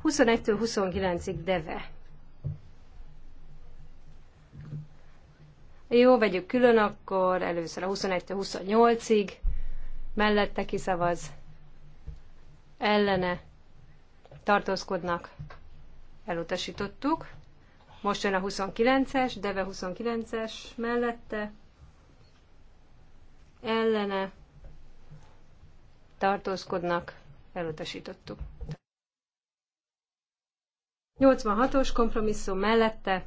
Huszonegytől 29 deve Jó, vegyük külön akkor, először a 21 28-ig, mellette kiszavaz, ellene tartózkodnak, elutasítottuk. Most jön a 29-es, Deve 29-es mellette, ellene tartózkodnak, elutasítottuk. 86-os kompromisszum mellette,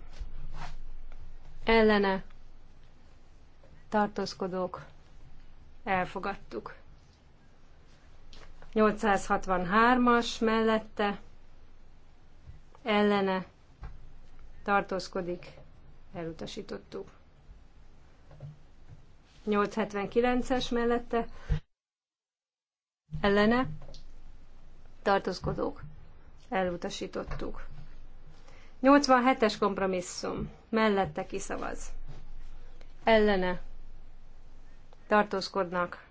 ellene tartózkodók, elfogadtuk. 863-as mellette, ellene tartózkodik, elutasítottuk. 879-es mellette, ellene tartózkodók, elutasítottuk. 87-es kompromisszum, mellette kiszavaz. Ellene tartózkodnak,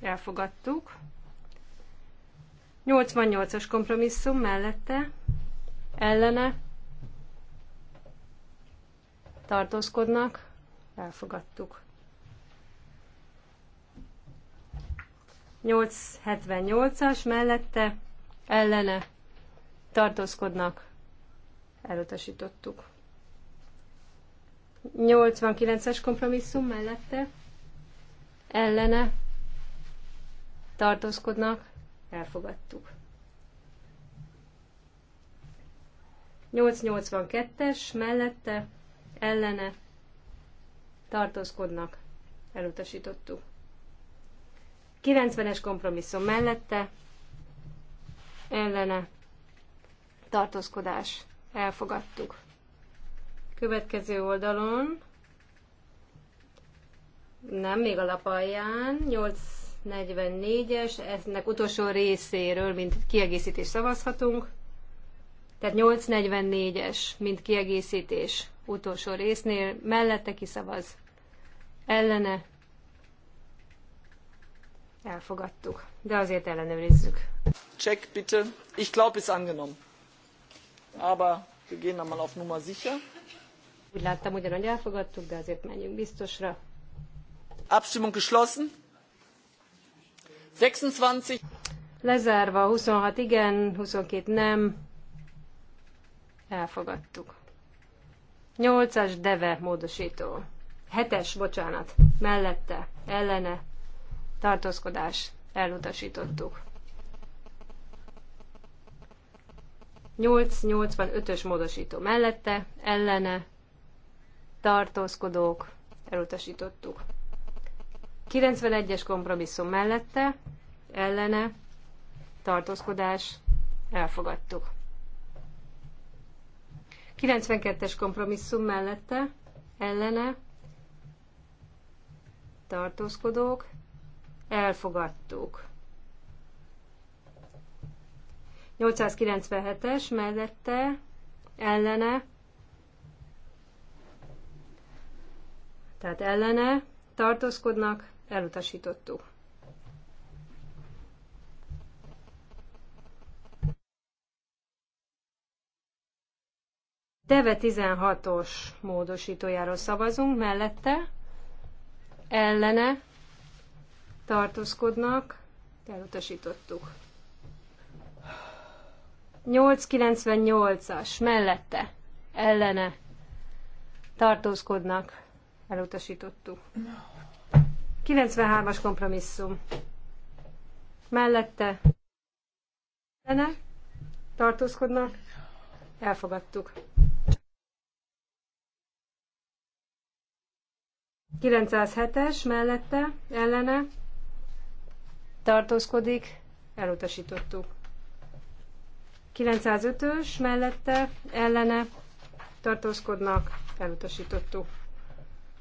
elfogadtuk. 88-as kompromisszum mellette, ellene, tartózkodnak, elfogadtuk. 878-as mellette, ellene, tartózkodnak, elutasítottuk. 89-es kompromisszum mellette, ellene tartózkodnak, elfogadtuk. 882-es mellette ellene tartózkodnak, elutasítottuk. 90-es kompromisszum mellette ellene tartózkodás, elfogadtuk. Következő oldalon nem, még a lap alján, 844-es, ennek utolsó részéről, mint kiegészítés szavazhatunk. Tehát 844-es, mint kiegészítés utolsó résznél, mellette kiszavaz. Ellene elfogadtuk, de azért ellenőrizzük. Check bitte. Ich glaube, ist angenommen. Aber wir gehen nochmal auf Nummer sicher. Úgy láttam, ugyanúgy elfogadtuk, de azért menjünk biztosra. Abstimmung geschlossen. 26. Lezárva 26 igen, 22 nem. Elfogadtuk. 8-as deve módosító. 7-es, bocsánat, mellette, ellene, tartózkodás, elutasítottuk. 8 85 ös módosító mellette, ellene, tartózkodók, elutasítottuk. 91-es kompromisszum mellette, ellene, tartózkodás, elfogadtuk. 92-es kompromisszum mellette, ellene, tartózkodók, elfogadtuk. 897-es mellette, ellene, tehát ellene tartózkodnak, elutasítottuk. Deve 16-os módosítójáról szavazunk, mellette ellene tartózkodnak, elutasítottuk. 898-as mellette ellene tartózkodnak, elutasítottuk. No. 93-as kompromisszum. Mellette ellene tartózkodnak, elfogadtuk. 907-es mellette ellene tartózkodik, elutasítottuk. 905-ös mellette ellene tartózkodnak, elutasítottuk.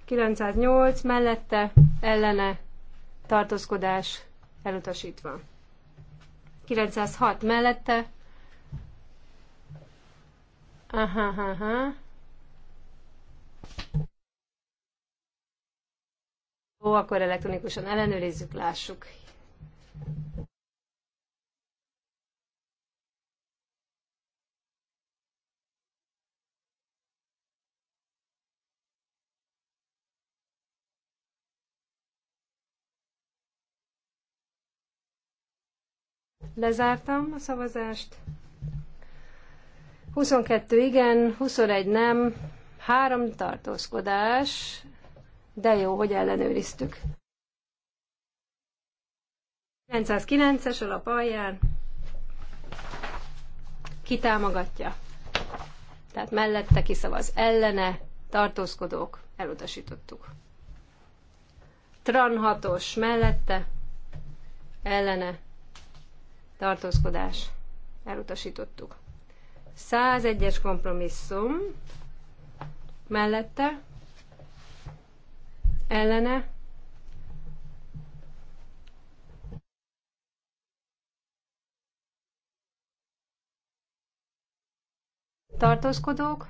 908 mellette ellene tartózkodás elutasítva. 906 mellette. Aha, aha, aha. Ó, akkor elektronikusan ellenőrizzük, lássuk. Lezártam a szavazást. 22 igen, 21 nem, 3 tartózkodás, de jó, hogy ellenőriztük. 909-es alap alján kitámogatja. Tehát mellette kiszavaz ellene, tartózkodók, elutasítottuk. Tran 6 mellette, ellene, tartózkodás elutasítottuk. 101-es kompromisszum mellette ellene tartózkodók,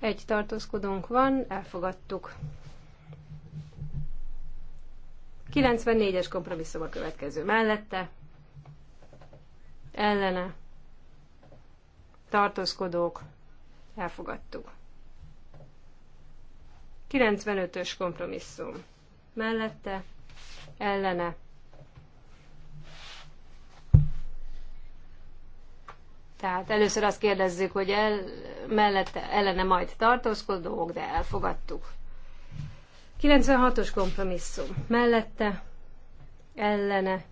egy tartózkodónk van, elfogadtuk. 94-es kompromisszum a következő mellette ellene tartózkodók elfogadtuk. 95-ös kompromisszum mellette ellene Tehát először azt kérdezzük, hogy el, mellette ellene majd tartózkodók, de elfogadtuk. 96-os kompromisszum mellette ellene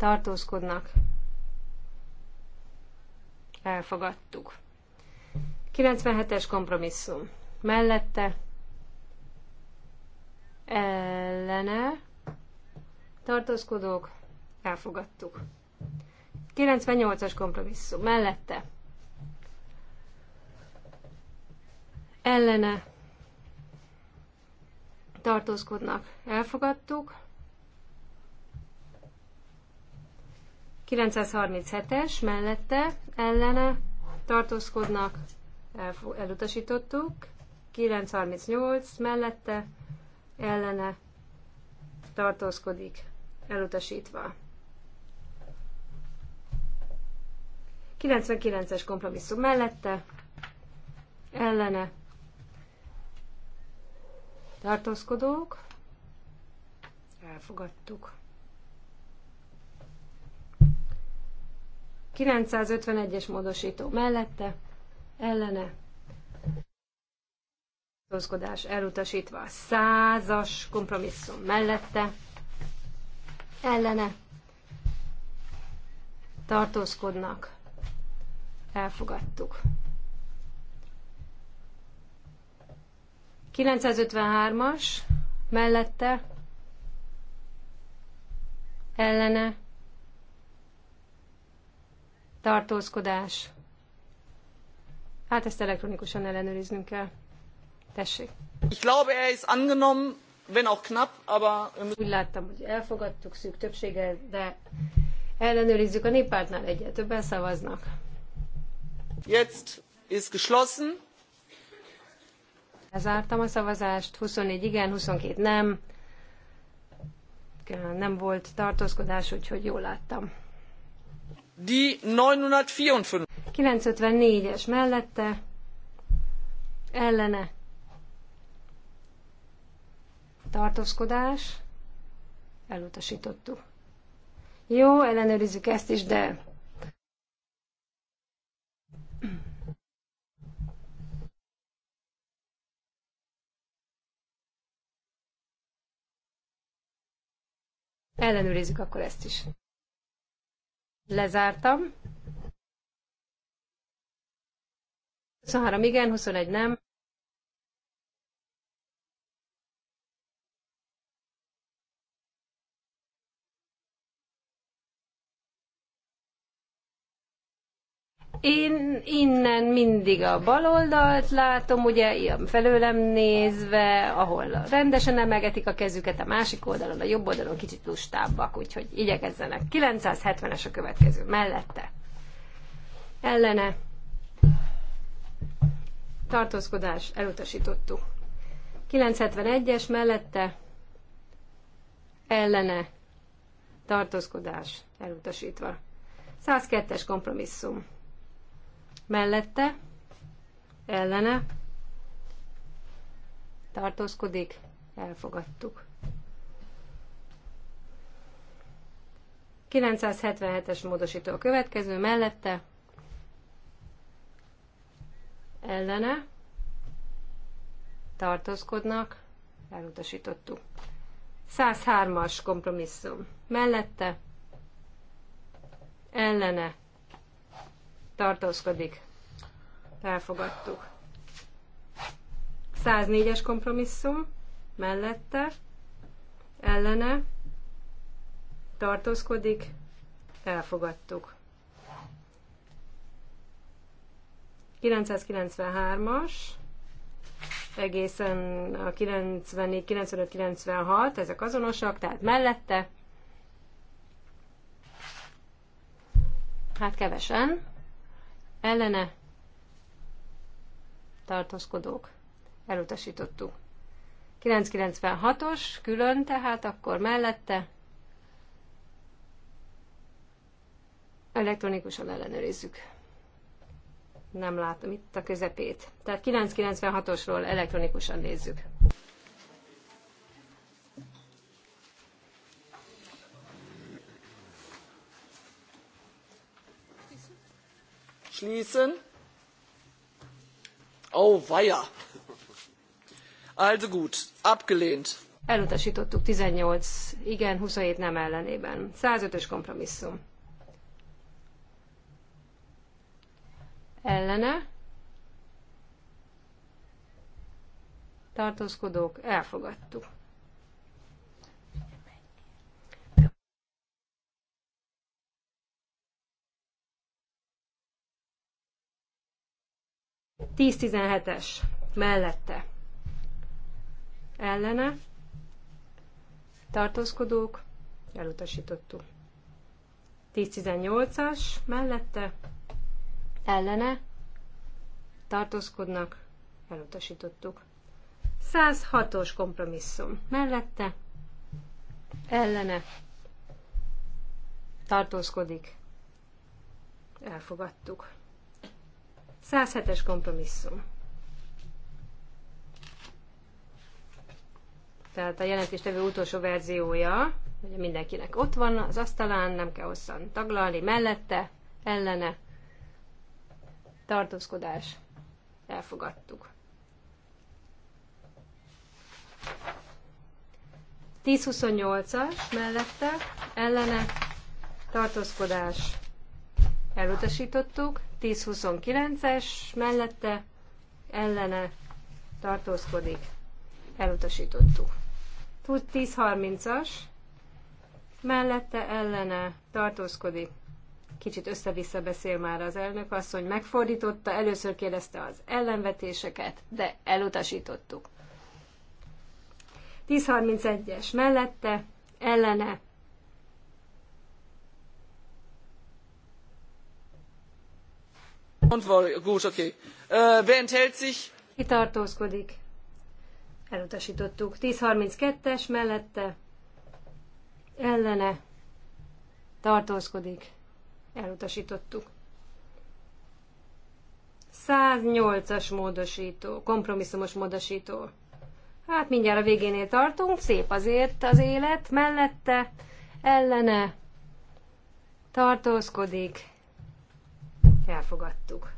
tartózkodnak, elfogadtuk. 97-es kompromisszum. Mellette ellene tartózkodók, elfogadtuk. 98-as kompromisszum. Mellette ellene tartózkodnak, elfogadtuk. 937-es mellette ellene tartózkodnak, elutasítottuk. 938 mellette ellene tartózkodik, elutasítva. 99-es kompromisszum mellette ellene tartózkodók, elfogadtuk. 951-es módosító mellette, ellene, tartózkodás elutasítva, százas kompromisszum mellette, ellene, tartózkodnak, elfogadtuk. 953-as mellette, ellene, tartózkodás. Hát ezt elektronikusan ellenőriznünk kell. Tessék. Ich glaube, er ist angenommen, wenn auch knapp, aber... Úgy láttam, hogy elfogadtuk szűk többséggel, de ellenőrizzük a néppártnál egyet, többen szavaznak. Jetzt ist geschlossen. Lezártam a szavazást, 24 igen, 22 nem. Nem volt tartózkodás, úgyhogy jól láttam. Die 954. 954-es mellette, ellene, tartózkodás, elutasítottuk. Jó, ellenőrizzük ezt is, de ellenőrizzük akkor ezt is. Lezártam. 23 igen, 21 nem. Én innen mindig a baloldalt látom, ugye, ilyen felőlem nézve, ahol rendesen emelgetik a kezüket, a másik oldalon, a jobb oldalon kicsit lustábbak, úgyhogy igyekezzenek. 970-es a következő, mellette. Ellene. Tartózkodás, elutasítottuk. 971-es mellette. Ellene. Tartózkodás, elutasítva. 102-es kompromisszum mellette, ellene, tartózkodik, elfogadtuk. 977-es módosító a következő, mellette, ellene, tartózkodnak, elutasítottuk. 103-as kompromisszum, mellette, ellene, tartózkodik. Elfogadtuk. 104-es kompromisszum mellette, ellene, tartózkodik, elfogadtuk. 993-as, egészen a 94, 95, 96, ezek azonosak, tehát mellette. Hát kevesen ellene tartózkodók elutasítottuk. 996-os külön, tehát akkor mellette elektronikusan ellenőrizzük. Nem látom itt a közepét. Tehát 996-osról elektronikusan nézzük. schließen. Oh, weia. Also gut, abgelehnt. Elutasítottuk 18 igen, 27 nem ellenében. 105-ös kompromisszum. Ellene. Tartózkodók, elfogadtuk. 10-17-es mellette ellene tartózkodók elutasítottuk. 10-18-as mellette ellene tartózkodnak elutasítottuk. 106-os kompromisszum mellette ellene tartózkodik. Elfogadtuk. 107-es kompromisszum. Tehát a jelentéstevő utolsó verziója, hogy mindenkinek ott van az asztalán, nem kell hosszan taglalni, mellette, ellene, tartózkodás, elfogadtuk. 1028-as mellette, ellene, tartózkodás, elutasítottuk, 10-29-es mellette ellene tartózkodik, elutasítottuk. 10-30-as mellette ellene tartózkodik, kicsit össze-vissza beszél már az elnök asszony, megfordította, először kérdezte az ellenvetéseket, de elutasítottuk. 1031-es mellette, ellene Gut, okay. Wer enthält sich? Elutasítottuk. 1032-es mellette ellene tartózkodik. Elutasítottuk. 108-as módosító, kompromisszumos módosító. Hát mindjárt a végénél tartunk, szép azért az élet, mellette, ellene tartózkodik, elfogadtuk.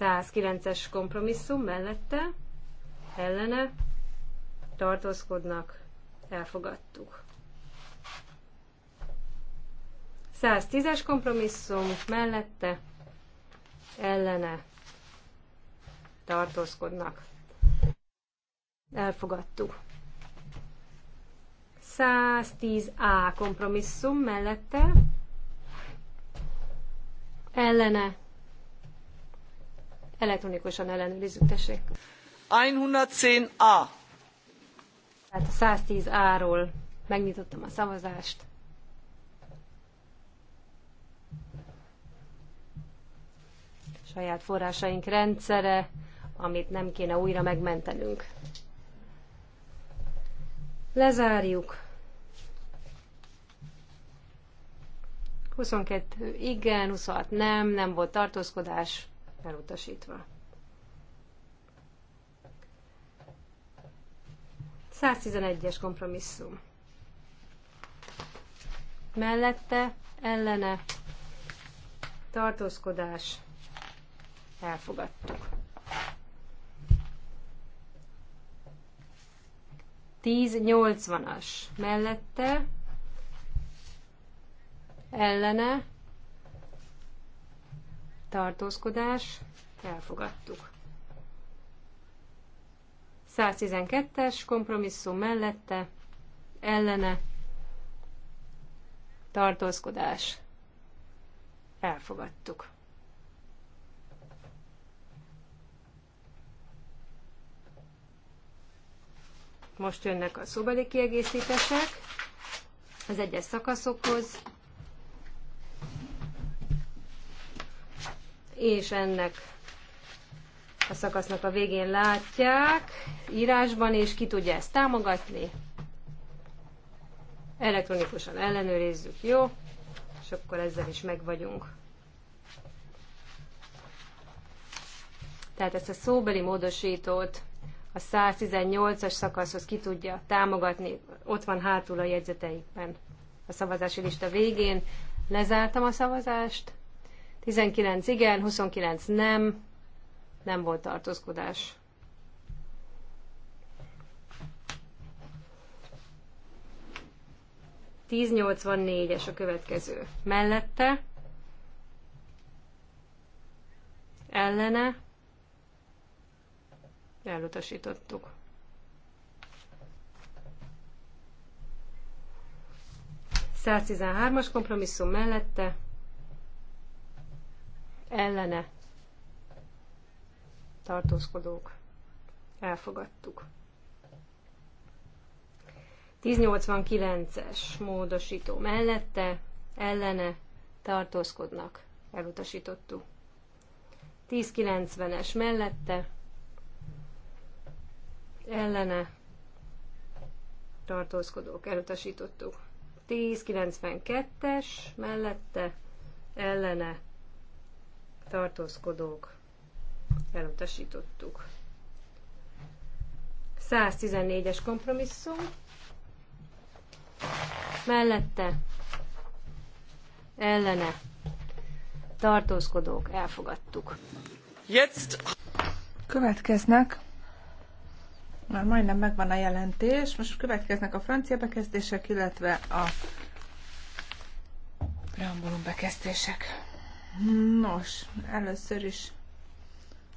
109-es kompromisszum mellette, ellene, tartózkodnak, elfogadtuk. 110-es kompromisszum mellette, ellene, tartózkodnak, elfogadtuk. 110A kompromisszum mellette, ellene. Elektronikusan ellenőrizzük, tessék. 110A. Tehát a 110A-ról megnyitottam a szavazást. Saját forrásaink rendszere, amit nem kéne újra megmentenünk. Lezárjuk 22 igen, 26 nem, nem volt tartózkodás, elutasítva. 111-es kompromisszum. Mellette, ellene, tartózkodás, elfogadtuk. 10-80-as mellette, ellene tartózkodás elfogadtuk. 112-es kompromisszum mellette ellene tartózkodás elfogadtuk. Most jönnek a szóbeli kiegészítések az egyes szakaszokhoz. és ennek a szakasznak a végén látják írásban, és ki tudja ezt támogatni. Elektronikusan ellenőrizzük, jó? És akkor ezzel is meg vagyunk. Tehát ezt a szóbeli módosítót a 118-as szakaszhoz ki tudja támogatni. Ott van hátul a jegyzeteikben a szavazási lista végén. Lezártam a szavazást. 19 igen, 29 nem, nem volt tartózkodás. Tíz es a következő. Mellette, ellene, elutasítottuk. 163-as kompromisszum mellette, ellene tartózkodók elfogadtuk. 1089-es módosító mellette ellene tartózkodnak elutasítottuk. 1090-es mellette ellene tartózkodók elutasítottuk. 1092-es mellette ellene tartózkodók, elutasítottuk. 114-es kompromisszum, mellette, ellene, tartózkodók, elfogadtuk. Jetzt. Következnek már majdnem megvan a jelentés. Most következnek a francia bekezdések, illetve a preambulum bekezdések. Nos, először is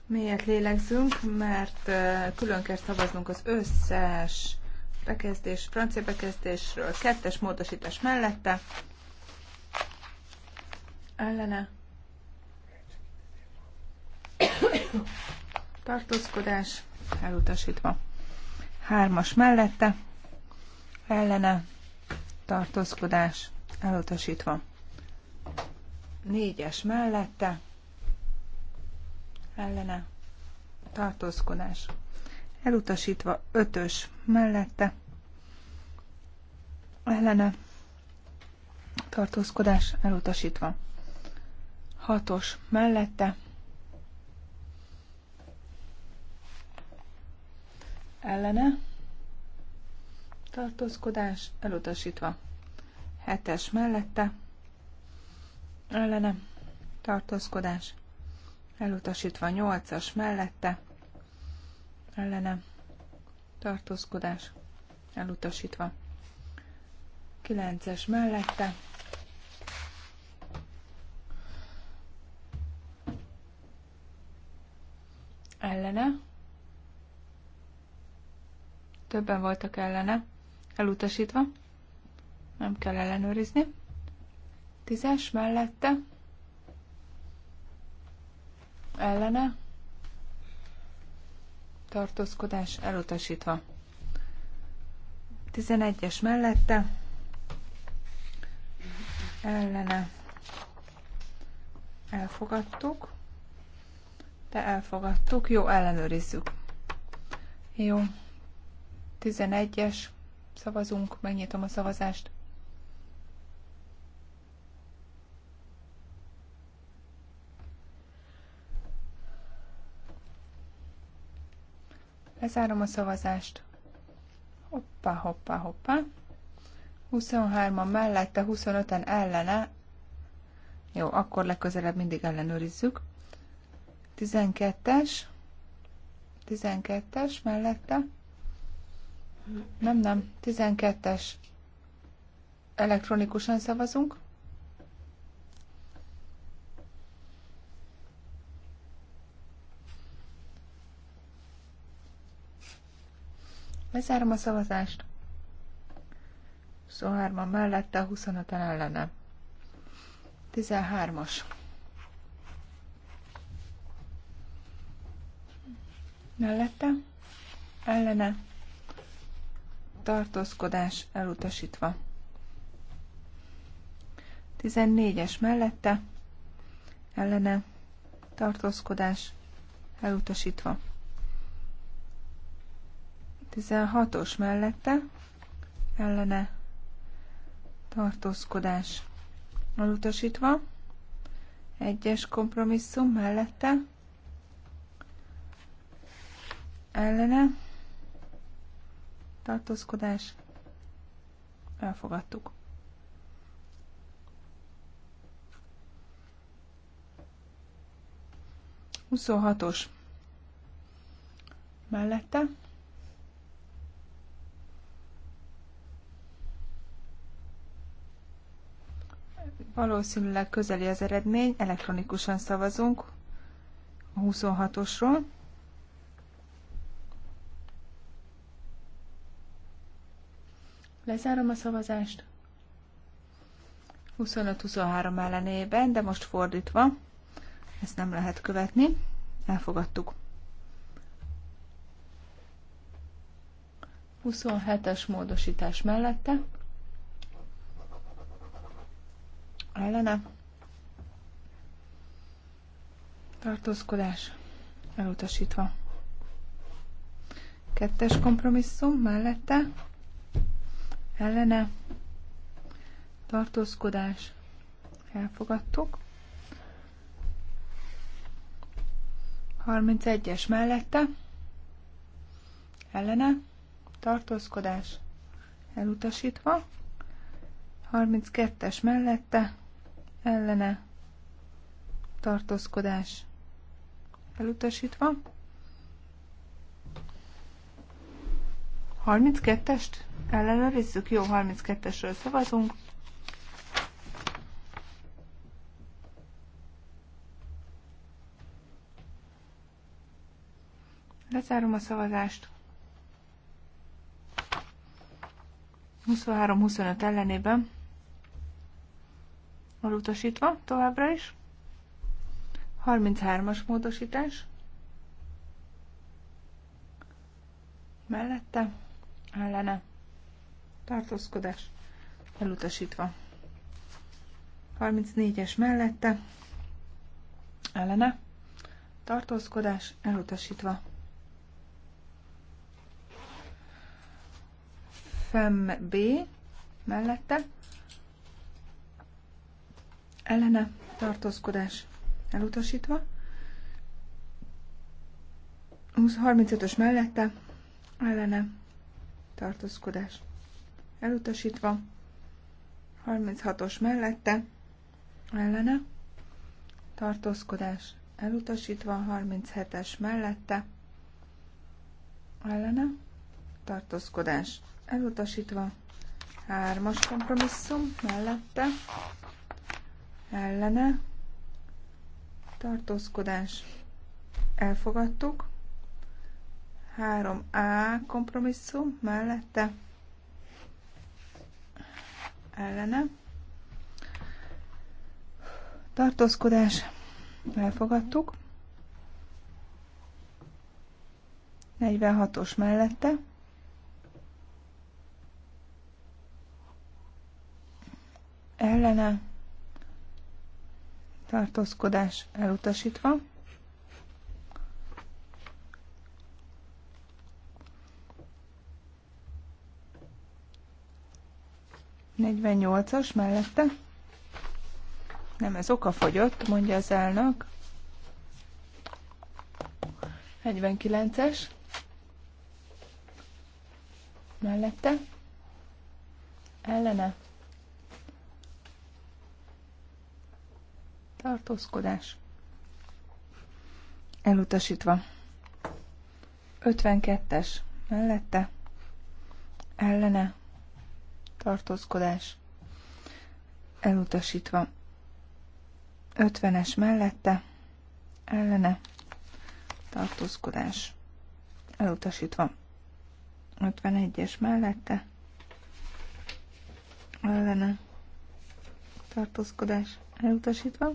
mélyet lélegzünk, mert külön kell szavaznunk az összes bekezdés, francia bekezdésről, kettes módosítás mellette, ellene, tartózkodás, elutasítva, hármas mellette, ellene, tartózkodás, elutasítva. Négyes mellette ellene tartózkodás. Elutasítva ötös mellette ellene tartózkodás elutasítva. Hatos mellette ellene tartózkodás elutasítva. Hetes mellette ellene tartózkodás elutasítva a nyolcas mellette ellene tartózkodás elutasítva 9-es mellette ellene többen voltak ellene elutasítva nem kell ellenőrizni Tízes mellette. Ellene. Tartózkodás elutasítva. Tizenegyes mellette. Ellene. Elfogadtuk. De elfogadtuk. Jó, ellenőrizzük. Jó. 11-es. Szavazunk, megnyitom a szavazást. Lezárom a szavazást. Hoppá, hoppá, hoppá. 23-an mellette, 25-en ellene. Jó, akkor legközelebb mindig ellenőrizzük. 12-es. 12-es mellette. Nem, nem. 12-es. Elektronikusan szavazunk. Lezárom a szavazást. 23-an mellette, 25-en ellene. 13-as. Mellette, ellene, tartózkodás elutasítva. 14-es mellette, ellene, tartózkodás elutasítva. 16-os mellette ellene tartózkodás elutasítva, egyes kompromisszum mellette ellene tartózkodás elfogadtuk. Huszonhatos mellette Valószínűleg közeli az eredmény, elektronikusan szavazunk a 26-osról. Lezárom a szavazást. 25-23 ellenében, de most fordítva. Ezt nem lehet követni. Elfogadtuk. 27-es módosítás mellette ellene. Tartózkodás elutasítva. Kettes kompromisszum mellette ellene. Tartózkodás elfogadtuk. 31-es mellette ellene. Tartózkodás elutasítva. 32-es mellette ellene tartózkodás elutasítva. 32-est ellenőrizzük? Jó, 32-esről szavazunk. Lezárom a szavazást. 23-25 ellenében elutasítva továbbra is. 33-as módosítás. Mellette, ellene, tartózkodás, elutasítva. 34-es mellette, ellene, tartózkodás, elutasítva. Fem B mellette, ellene tartózkodás elutasítva, 35-ös mellette ellene tartózkodás elutasítva, 36-os mellette ellene tartózkodás elutasítva, 37-es mellette ellene tartózkodás elutasítva, 3-as kompromisszum mellette ellene tartózkodás elfogadtuk. 3A kompromisszum mellette ellene tartózkodás elfogadtuk. 46-os mellette ellene tartózkodás elutasítva. Negyvennyolcas mellette. Nem, ez oka fogyott, mondja az elnök. 49-es. Mellette. Ellene tartózkodás elutasítva. 52-es mellette ellene tartózkodás elutasítva. 50-es mellette ellene tartózkodás elutasítva. 51-es mellette ellene tartózkodás elutasítva.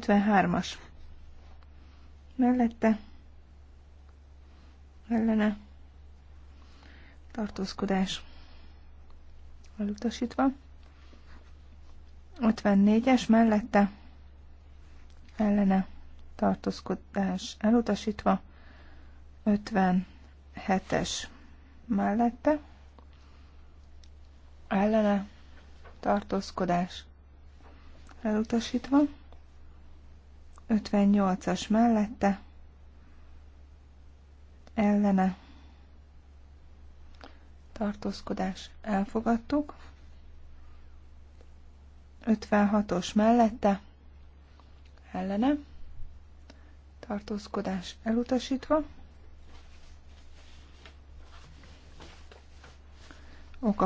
53-as. Mellette. Ellene. Tartózkodás. Elutasítva. 54-es mellette. Ellene. Tartózkodás elutasítva. 57-es mellette. Ellene. Tartózkodás elutasítva. 58-as mellette, ellene, tartózkodás elfogadtuk, 56-os mellette, ellene, tartózkodás elutasítva,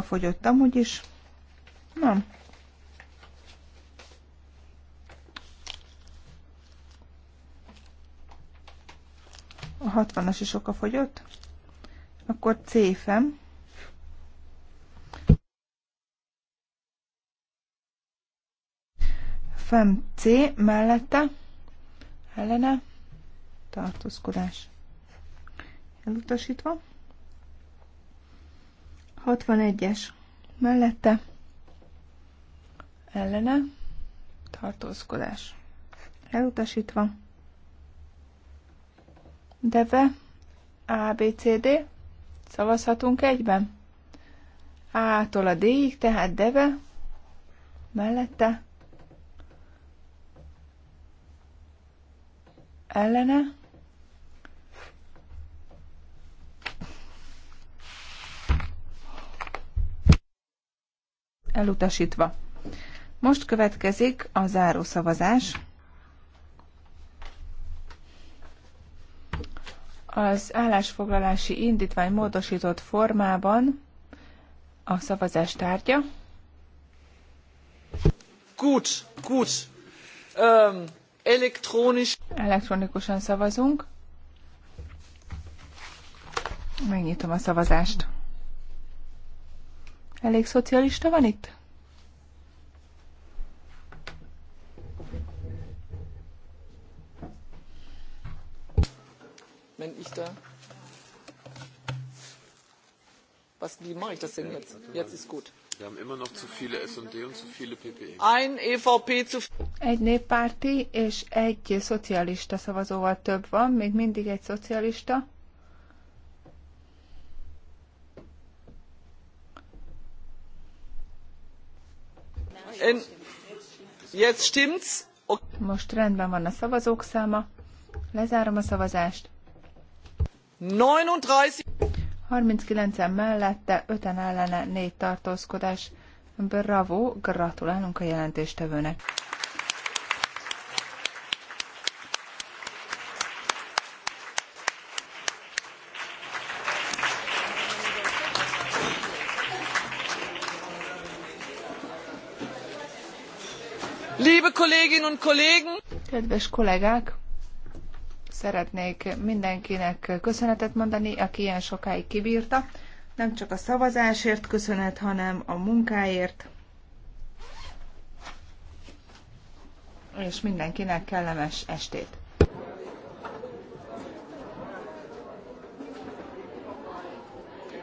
fogyott amúgy is, nem, 60-as is oka fogyott. Akkor céfem. Fem C mellette ellene tartózkodás elutasítva. 61-es mellette ellene tartózkodás elutasítva. Deve, A, B, C, D. Szavazhatunk egyben? A-tól a D-ig, tehát deve, mellette, ellene, elutasítva. Most következik a szavazás. az állásfoglalási indítvány módosított formában a szavazás tárgya. Gut, gut. Um, elektronisch. Elektronikusan szavazunk. Megnyitom a szavazást. Elég szocialista van itt? wenn ich da. Was, wie mache ich das denn jetzt? Jetzt ist gut. Wir haben immer noch zu viele S&D und zu viele PPE. Ein EVP zu Egy néppárti és egy szocialista szavazóval több van, még mindig egy szocialista. En, jetzt stimmt's. Okay. Most rendben van a szavazók száma. Lezárom a szavazást. 39... en mellette, 5-en ellene, 4 tartózkodás. Bravo, gratulálunk a jelentéstevőnek. Liebe Kolleginnen und Kollegen! Kedves kollégák! Szeretnék mindenkinek köszönetet mondani, aki ilyen sokáig kibírta. Nem csak a szavazásért köszönet, hanem a munkáért. És mindenkinek kellemes estét.